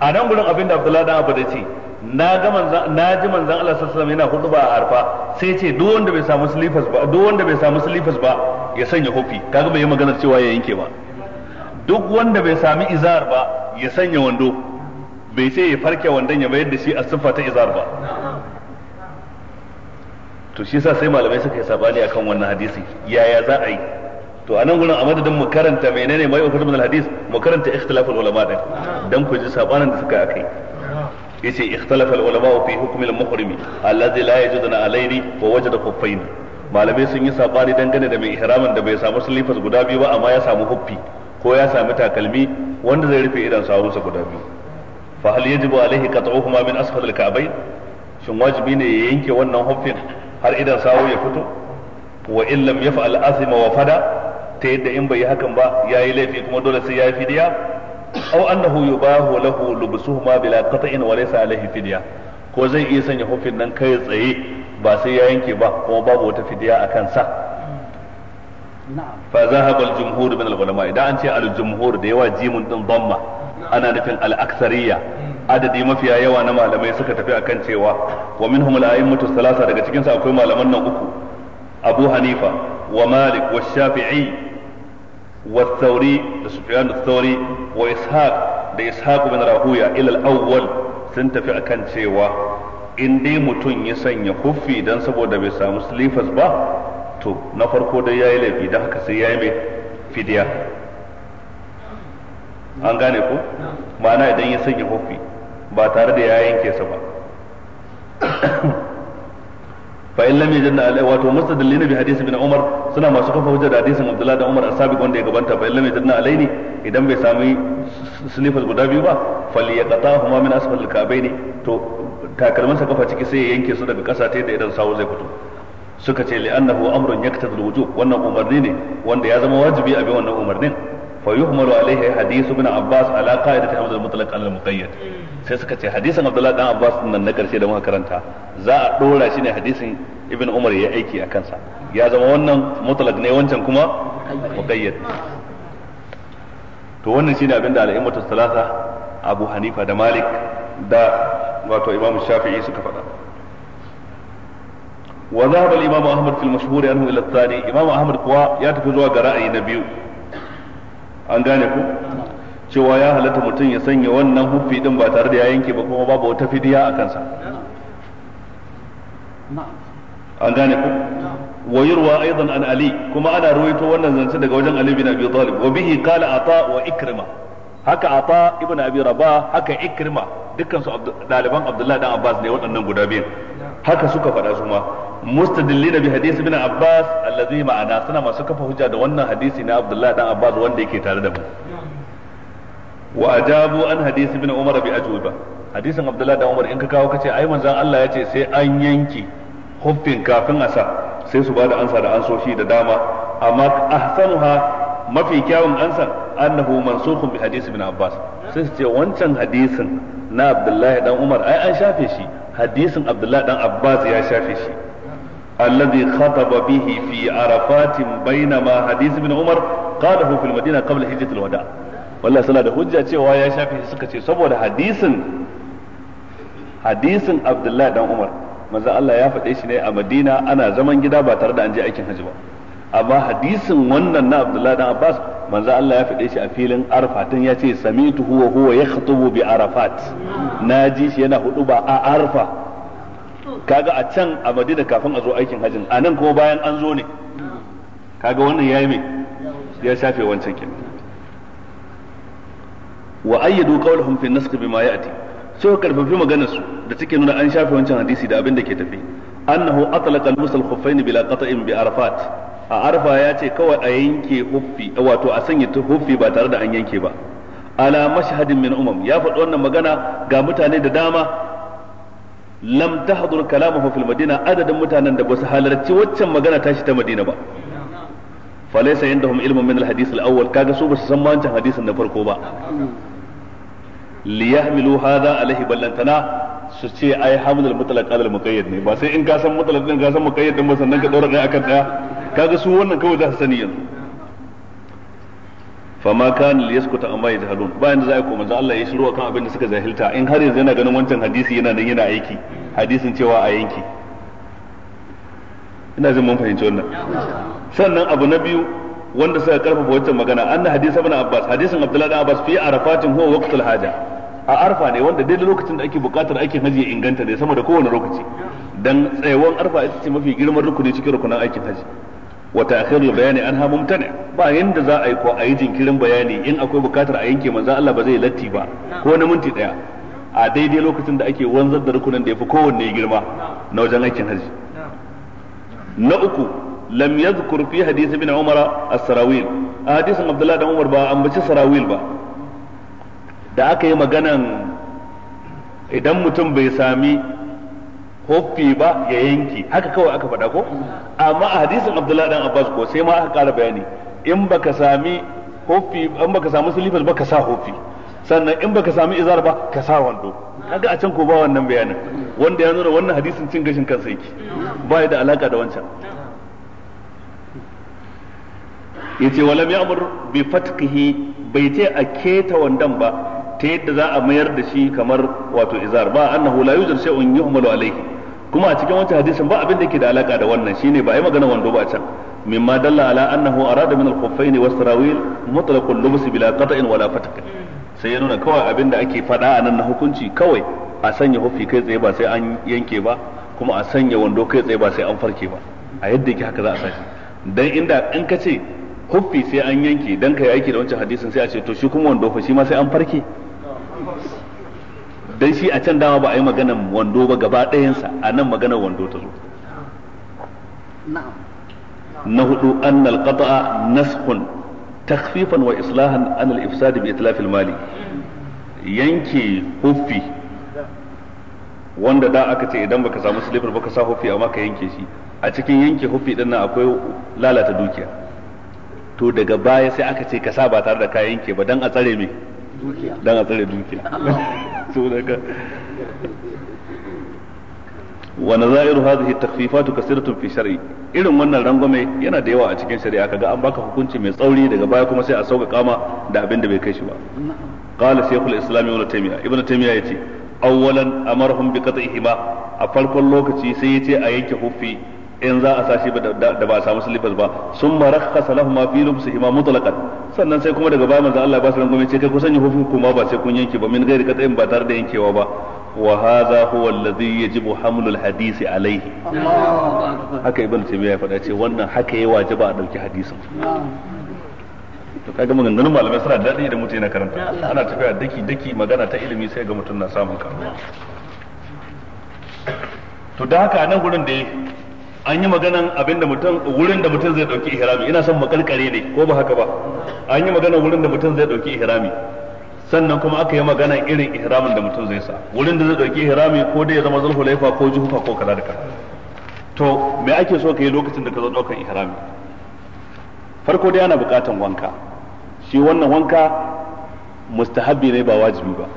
a nan gurin abin da Abdullahi dan Abu da ce na ga manzan na ji manzan Allah sallallahu alaihi wasallam yana hudu ba a arfa sai ce duk wanda bai samu slippers ba duk wanda bai samu slippers ba ya sanya hufi kaga bai yi maganar cewa ya yanke ba duk wanda bai sami izar ba ya sanya wando bai ce ya farke wandon ya bayar da shi a siffa ta izar ba to shi yasa sai malamai suka yi sabani akan wannan hadisi yaya za a yi to anan gurin a madadin mu karanta menene mai ukutubul hadis mu karanta ikhtilaful ulama din dan ku ji sabanin da suka akai yace ikhtalafa ulama fi hukm al-muhrimi alladhi la yajiduna alayhi wa wajada khuffayn malamai sun yi sabani dangane da mai ihramin da bai samu silifas guda biyu ba amma ya samu huffi ko ya samu takalmi wanda zai rufe idan sarunsa guda biyu fa hal yajibu alaihi qat'uhuma min asfal al-ka'bayn shin wajibi ne ya yanke wannan huffin har idan sawo ya fito wa in lam yaf'al athima wa fada ta yadda in bai yi hakan ba yayi laifi kuma dole sai ya yi fidiya aw annahu yubahu lahu lubsuhuma bila qat'in wa laysa alayhi ko zai iya sanya hufin nan kai tsaye ba sai ya yanke ba kuma babu wata fidiya a kansa fa zahaba al-jumhur min al-ulama idan an ce al-jumhur da yawa jimun din dhamma ana nufin al aktsariya adadi mafiya yawa na malamai suka tafi akan cewa wa minhum al-a'immatu salasa, daga cikin su akwai malaman nan uku Abu Hanifa wa Malik wa Shafi'i والثوري لسفيان الثوري وإسحاق da Ishaq bin Rahuya ilal awwal sun tafi akan cewa in dai mutum ya sanya huffi dan saboda bai samu silifas ba to na farko dai yayi laifi dan haka sai yayi mai fidiya an gane ko ma'ana idan ya sanya huffi ba tare da ya yanke sa ba fa in lam yajidna alai wato mustadillina bi hadisi bin umar suna masu kafa hujja da hadisin abdullahi da umar asabiq wanda ya gabanta fa in lam yajidna alai ne idan bai sami silifas guda biyu ba falyaqatahuma min asfal alkabaini to sa kafa ciki sai ya yanke su daga kasa ta da idan sawu zai fito suka ce li'annahu amrun yaktadul wujub wannan umarni ne wanda ya zama wajibi a bi wannan umarnin fa yuhmalu alaihi hadithu bin abbas ala qa'idati hamd al-mutlaq al-muqayyad sai suka ce hadisin abdullahi dan abbas nan na karshe da muka karanta za a dora shi ne hadisin ibn umar ya aiki a kansa ya zama wannan mutlaq ne wancan kuma muqayyad to wannan shine abinda al salasa abu hanifa da malik da wato imam shafi'i suka faɗa wa zahaba al-imam ahmad fil mashhur anhu ila ath-thani imam ahmad kuwa ya tafi zuwa ga ra'ayi na biyu an gane ku cewa ya halatta mutum ya sanya wannan huffi din ba tare da ya yanke ba kuma babu wata fidiya a kansa an gane ku wa yurwa aidan an ali kuma ana ruwaito wannan zance daga wajen ali bin abi talib wa bihi qala ata wa ikrima haka ata ibn abi Raba haka ikrima dukkan su daliban abdullahi dan abbas ne waɗannan guda biyar haka suka faɗa su ma mustadillina bi hadisi bin abbas allazi ma'ana suna masu kafa hujja da wannan hadisi na abdullahi dan abbas wanda yake tare da mu wa ajabu an hadisi bin umar bi ajuba hadisin abdullahi da umar in ka kawo kace ai manzon Allah ya ce sai an yanki huffin kafin a sa sai su bada ansa da ansoshi da dama amma ahsanuha mafi kyawun ansa annahu mansukhun bi hadisi bin abbas sai su ce wancan hadisin na abdullahi dan umar ai an shafe shi hadisin abdullahi dan abbas ya shafe shi الذي خطب به في عرفات بينما حديث ابن عمر قاله في المدينة قبل هجرة الوداع wannan suna da hujja cewa ya shafe suka ce saboda hadisin hadisin abdullahi dan umar maza Allah ya faɗe shi ne a madina ana zaman gida ba tare da an je aikin hajji ba amma hadisin wannan na abdullahi dan abbas manzo Allah ya faɗe shi a filin arfa tun ya ce samitu huwa huwa yakhutubu bi arafat na ji shi yana hudu ba a arfa kaga a can a madina kafin a zo aikin hajjin a nan kuma bayan an zo ne kaga wannan ya yi mai ya shafe wancan kenan wa ayyadu qawluhum fi nasakh bima ya'ti sai karfafi maganar su da take nuna an shafe wancan hadisi da abin da ke tafi annahu atlaqa al-musal khuffain bila qat'in bi arafat a arfa ya ce kawai a yanke huffi wato a sanya huffi ba tare da an yanke ba ala mashhadin min umam ya faɗi wannan magana ga mutane da dama lam tahdur kalamuhu fil madina adadin mutanen da ba su halarci waccan magana tashi ta madina ba falaysa indahum ilmun min al-hadith al-awwal kaga su ba su san wancan hadisin na farko ba liyahmilu hadha alaihi ballantana su ce ai hamdul mutlaq alal muqayyad ne ba sai in ka san mutlaq din ka san muqayyad din ba sannan ka dora ɗaya akan ɗaya kaga su wannan kawai za su sani yanzu fama kan liyaskuta amma yajhalun bayan da za a koma Allah ya shiru akan abin da suka zahilta in har yanzu yana ganin wancan hadisi yana nan yana aiki hadisin cewa a yanki ina jin mun fahimci wannan sannan abu na biyu wanda suka karfafa wancan magana anna hadisi ibn abbas hadisin abdullahi ibn abbas fi arafatin huwa waqtul hajah a arfa ne wanda daidai lokacin da ake bukatar aikin haji ya inganta ne sama da kowane lokaci dan tsayawar arfa ita ce mafi girman rukuni cikin rukunan aikin haji wa ta'khirul bayani ha mumtana ba yanda za a yi ko a yi jinkirin bayani in akwai bukatar a yanke manzo Allah ba zai latti ba ko na minti daya a daidai lokacin da ake wanzar da rukunan da yafi kowanne girma na wajen aikin haji na uku lam yadhkur fi hadith ibn umar as-sarawil a hadisin abdullahi da umar ba an bace sarawil ba da aka yi maganan idan mutum bai sami hoffi ba ya yanki haka kawai aka faɗa ko amma a hadisin abdullahi dan abbas ko sai ma aka ƙara bayani in baka sami hoffi in baka sami silifas ba ka sa hoffi sannan in baka sami izar ba ka sa wando kaga a can ko ba wannan bayanin wanda ya nuna wannan hadisin cin gashin kansa yake ba da alaka da wancan yace walam ya'mur bi fatkihi bai ce a keta wandan ba ta yadda za a mayar da shi kamar wato izar ba annahu la yuzar shay'un yu'malu alayhi kuma a cikin wancan hadisin ba abin da yake da alaka da wannan shine ba ai magana wando ba can mimma dalla ala annahu arada min al-khuffayn was sarawil al lubs bila qat'in wala fatak sai ya nuna kawai abin da ake faɗa a nan na hukunci kawai a sanya hufi kai tsaye ba sai an yanke ba kuma a sanya wando kai tsaye ba sai an farke ba a yadda yake haka za a sashi dan inda in ka ce huffi sai an yanke dan ka yaki da wancan hadisin sai a ce to shi kuma wando fa shi ma sai an farke dan shi a can dama ba a yi maganar wando ba gaba ɗayansa a nan maganar wando ta zo na hudu an alqata'a nashun takfifan wa islahan an al-ifsad bi itlaf mali yanke huffi wanda da aka ce idan baka samu silifar baka sa huffi amma ka yanke shi a cikin yanke huffi din nan akwai lalata dukiya to daga baya sai aka ce ka sa ba tare da ka yanke ba dan a tsare me dan a tsare dukiya سورك ونظائر هذه التخفيفات كثيرة fi shari irin wannan rangwame yana da yawa a cikin shari'a kaga an baka hukunci mai tsauri daga baya kuma sai a sauka ma da abin da bai kai shi ba qala shaykhul islam ibn taymiya ibn taymiya yace awwalan amarhum bi qat'ihi a farkon lokaci sai yace a yanke hufi. in za a sashi da ba a samu silifas ba sun marakkasa lahum ma fi hima mutlaqan sannan sai kuma daga bayan Allah ba su rangume ce kai ku sanya hufin kuma ba sai kun yanke ba min gairi katsayin ba tare da yankewa ba wa hadha huwa alladhi yajibu hamlu alhadisi alayhi haka ibnu taymiya ya faɗa ce wannan haka yayi wajiba a dauki hadisin to kaga maganganun malamai suna daɗi da mutum yana karanta ana tafiya daki daki magana ta ilimi sai ga mutum na samun karuwa to da haka nan gurin da an yi maganan abin da mutum wurin da mutum zai dauki ihrami ina son makalkare ne ko ba haka ba an yi maganan wurin da mutum zai dauki ihrami sannan kuma aka yi maganan irin ihramin da mutum zai sa wurin da zai dauki ihrami ko dai ya zama zulhulaifa ko juhufa ko kaza da kaza to me ake so ka yi lokacin da ka zo daukar ihrami farko dai ana bukatan wanka shi wannan wanka mustahabbi ne ba wajibi ba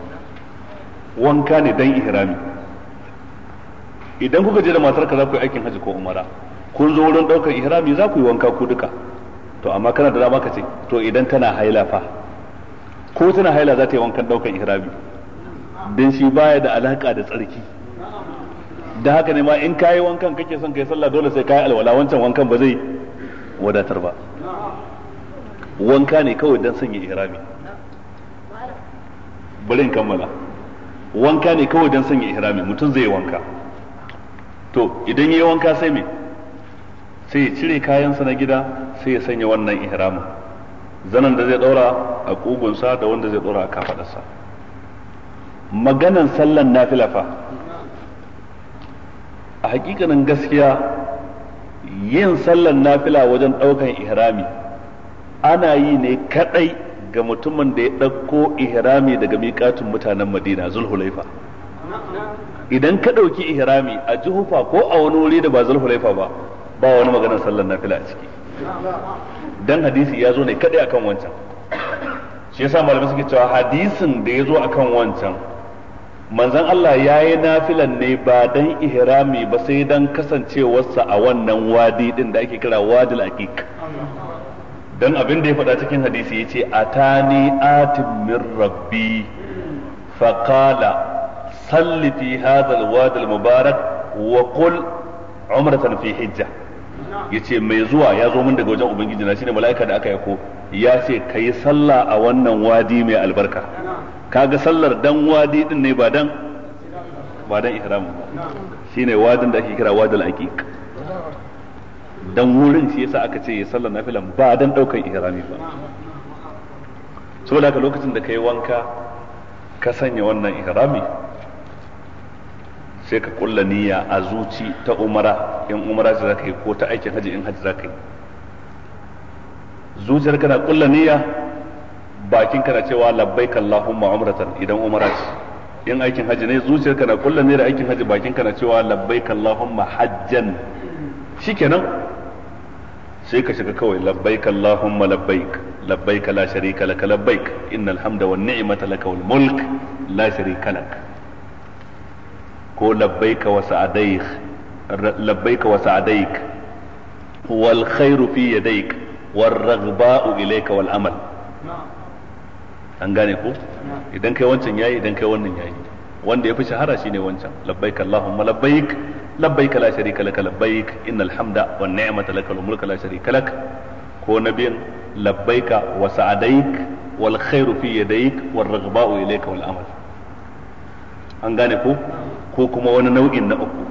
wanka ne dan ihrami idan kuka je da matar ka za ku yi aikin haji ko umara kun zo wurin daukar ihrami za ku yi wanka ku duka to amma kana da dama ka ce to idan tana haila fa ko tana haila za ta yi wankan daukar ihrami dan shi baya da alaka da tsarki da haka ne ma in kayi wankan kake son kai sallah dole sai kayi alwala wancan wankan ba zai wadatar ba wanka ne kawai dan sanya ihrami bari in kammala wanka ne kawai dan sanya ihrami mutum zai wanka to idan yi wanka sai me sai ya cire kayansa na gida sai ya sanya wannan ihramin zanen da zai ɗaura a ƙugunsa da wanda zai ɗaura a kafaɗarsa. maganan sallan nafila fa a hakikanin gaskiya yin sallan nafila wajen ɗaukan ihrami ana yi ne kaɗai ga mutumin da ya ɗauko ihrami daga miƙatun mutanen madina zulhulaifa idan ka ɗauki ihrami a juhufa ko a wani wuri da ba zulhulaifa ba ba wani maganar sallar nafila a ciki dan hadisi ya zo ne kadai akan wancan shi yasa malamai suke cewa hadisin da ya zo akan wancan manzon Allah ya yi nafilan ne ba dan ihrami ba sai dan kasancewarsa a wannan wadi din da ake kira wadil aqiq dan abin da ya faɗa cikin hadisi yace atani atim min rabbi faqala salli fi hadha alwadi almubarak wa qul umratan fi hijja yace mai zuwa ya zo min daga wajen ubangiji na shine mala'ika da aka yako ya ce kai sallah a wannan wadi mai albarka kaga sallar dan wadi din ne ba dan ba dan ihram ba shine wadin da ake kira wadal aqiq dan wurin shi yasa aka ce ya sallar nafilan ba dan daukan ihrami ba saboda haka lokacin da kai wanka ka sanya wannan ihrami sai ka kulla niyya a zuci ta umara in umara za zaka yi ko ta aikin haji in haji zaka yi zuciyar kana kulla niyya bakin kana cewa labbaik allahumma umratan idan umara ce in aikin haji ne zuciyar kana kulla niyya aikin haji bakin kana cewa labbaik allahumma hajjan shikenan sai ka shiga kawai labbaik allahumma labbaik labbaik la sharika kala labbaik innal hamda wan ni'mata laka wal mulk la sharika lak ko labbaika wa sa'adaik labbaika wa sa'adaik wal khairu fi yadaik war raghba'u ilayka wal amal an gane ku idan kai wancan yayi idan kai wannan yayi wanda yafi shahara shine wancan labbaik allahumma labbaik labbaik la sharika lak labbaik innal hamda wan ni'mata lak wal mulka la sharika lak ko nabiyin labbaika wa sa'adaik wal khairu fi yadayk war raghba'u ilayka wal amal an gane ku. ko kuma wani nau'in na uku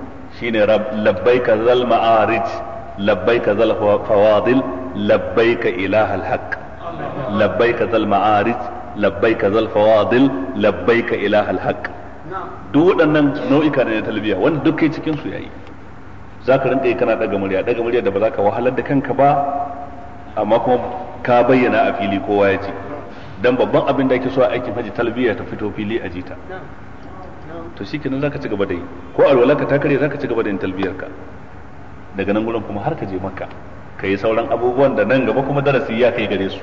shine labbaika zal ma'arij ka zal fawadil labbaika ilahal haqq labbaika zal ma'arij labbaika zal fawadil ka ilahal haqq duk waɗannan nau'ika ne na talbiya wanda duk kai cikin su yayi za ka rinka yi kana daga murya daga murya da ba za ka wahalar da kanka ba amma kuma ka bayyana a fili kowa ya ji dan babban abin da ake so a aikin haji talbiya ta fito fili a jita to shi kenan zaka ci gaba da yi ko alwala ka ta kare zaka ci gaba da yin talbiyar ka daga nan gurin kuma har ka je makka ka yi sauran abubuwan da nan gaba kuma darasi ya kai gare su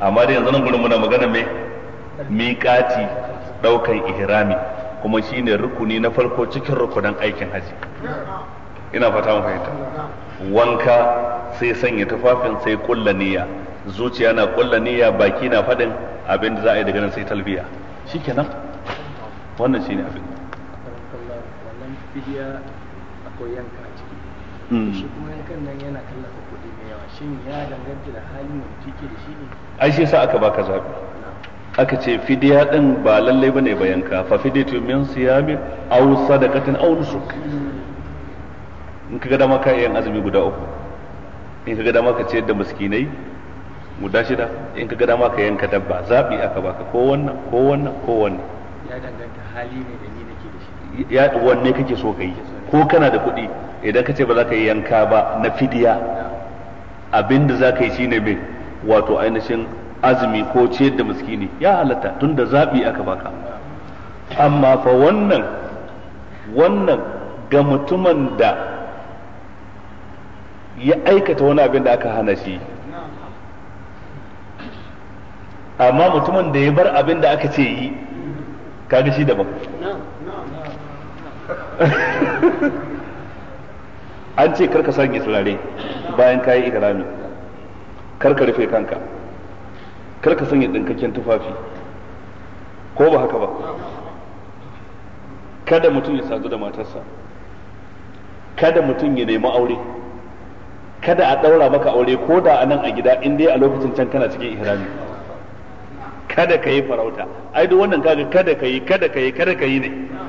amma dai yanzu nan gurin muna magana mai miƙati ɗaukan ihrami kuma shine rukuni na farko cikin rukunan aikin haji ina fata mu fahimta wanka sai sanya tufafin sai kulla niyya zuciya na kulla niyya baki na faɗin abin da za a yi daga nan sai talbiya shikenan wannan shine abin fidiya akwai yanka a ciki hmm. shi kuma yankan nan yana kallafa kuɗi mai yawa shin ya danganta
da halin da mutum ke da shi ne
ai shi yasa aka baka zabi aka ce fidiya din ba lallai bane ba yanka fa fidiyatu min siyamin aw sadaqatin aw nusuk hmm. in kaga dama ka yin azumi guda uku in kaga dama ka ce yadda miskinai guda shida in kaga dama ka yanka dabba zabi aka baka ko wannan ko wannan ko wannan ya danganta hali ne da ya wanne kake so ka yi ko kana da kuɗi idan ka ce ba za ka yi yanka ba na fidiya da za ka yi shine mai wato ainihin azumi ko ciyar da miskini ya halatta tun da zaɓi aka baka amma fa wannan wannan ga mutumin da ya aikata wani abin da aka hana shi amma mutumin da ya bar abin da aka ce yi kaga shi daban an ce karka sanya turare bayan kayi ihrami karka rufe kanka karka sanya dinkakken tufafi ko ba haka ba kada mutum ya sadu da matarsa kada mutum ya nemi aure kada a ɗaura maka aure ko da a nan a gida in dai a lokacin can kana cikin ihrami kada ka yi farauta ai duk wannan kaga kada ka yi kada ka yi kada ka yi ne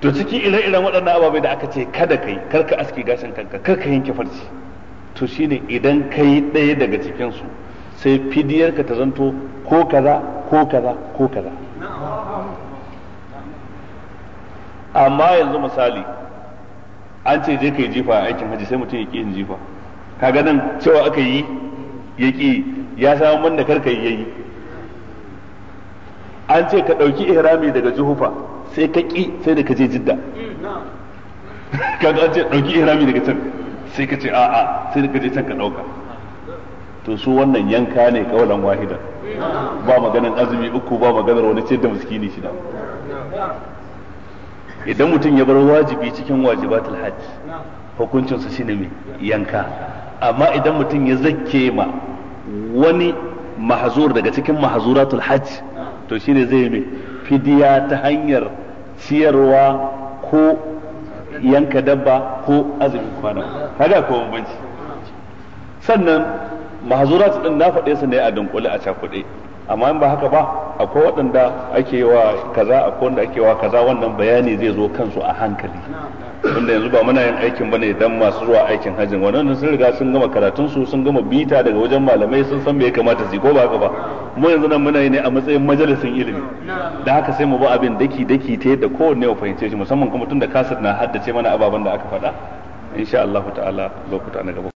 to ciki ire-iren waɗannan ababai da aka ce kada ka yi karka aski gashin kanka karka yanke farci to shine idan ka yi ɗaya daga cikinsu sai fidiyarka ta zanto ko kaza ko kaza ko kaza amma yanzu misali an ce je ka yi jifa a aikin Haji sai mutum ya ƙi yin jifa kaga nan cewa aka yi ya ƙi ya samu man da karka yi yi. an ce ka ɗauki ihrami daga juhufa sai ka ƙi sai da ka je jidda kaga an ce ɗauki ihrami daga can sai ka ce a'a sai da ka je can ka ɗauka to su wannan yanka ne kawalan wahida ba maganan azumi uku ba maganar wani ce da miskini shida idan mutum ya bar wajibi cikin wajibatul hajj hukuncinsa shine mai yanka amma idan mutum ya zakke ma wani mahazur daga cikin mahazuratul hajj to shine zai mai fidiya ta hanyar ciyarwa ko yanka dabba ko azumin kwana haka ko bambanci sannan mahzurat din na faɗe su ne a dunkule a cakuɗe amma in ba haka ba akwai waɗanda ake wa kaza akwai wanda ake wa kaza wannan bayani zai zo kansu a hankali wanda yanzu ba muna yin aikin ne dan masu zuwa aikin hajjin wannan sun riga sun gama karatun su sun gama bita daga wajen malamai sun san me ya kamata su ko ba haka ba mu yanzu nan muna yi ne a matsayin majalisin ilimi da haka sai mu ba abin daki daki ta yadda kowanne ya fahimce shi musamman kuma tun da kasar na haddace mana ababen da aka faɗa insha Allah ta'ala lokuta na gaba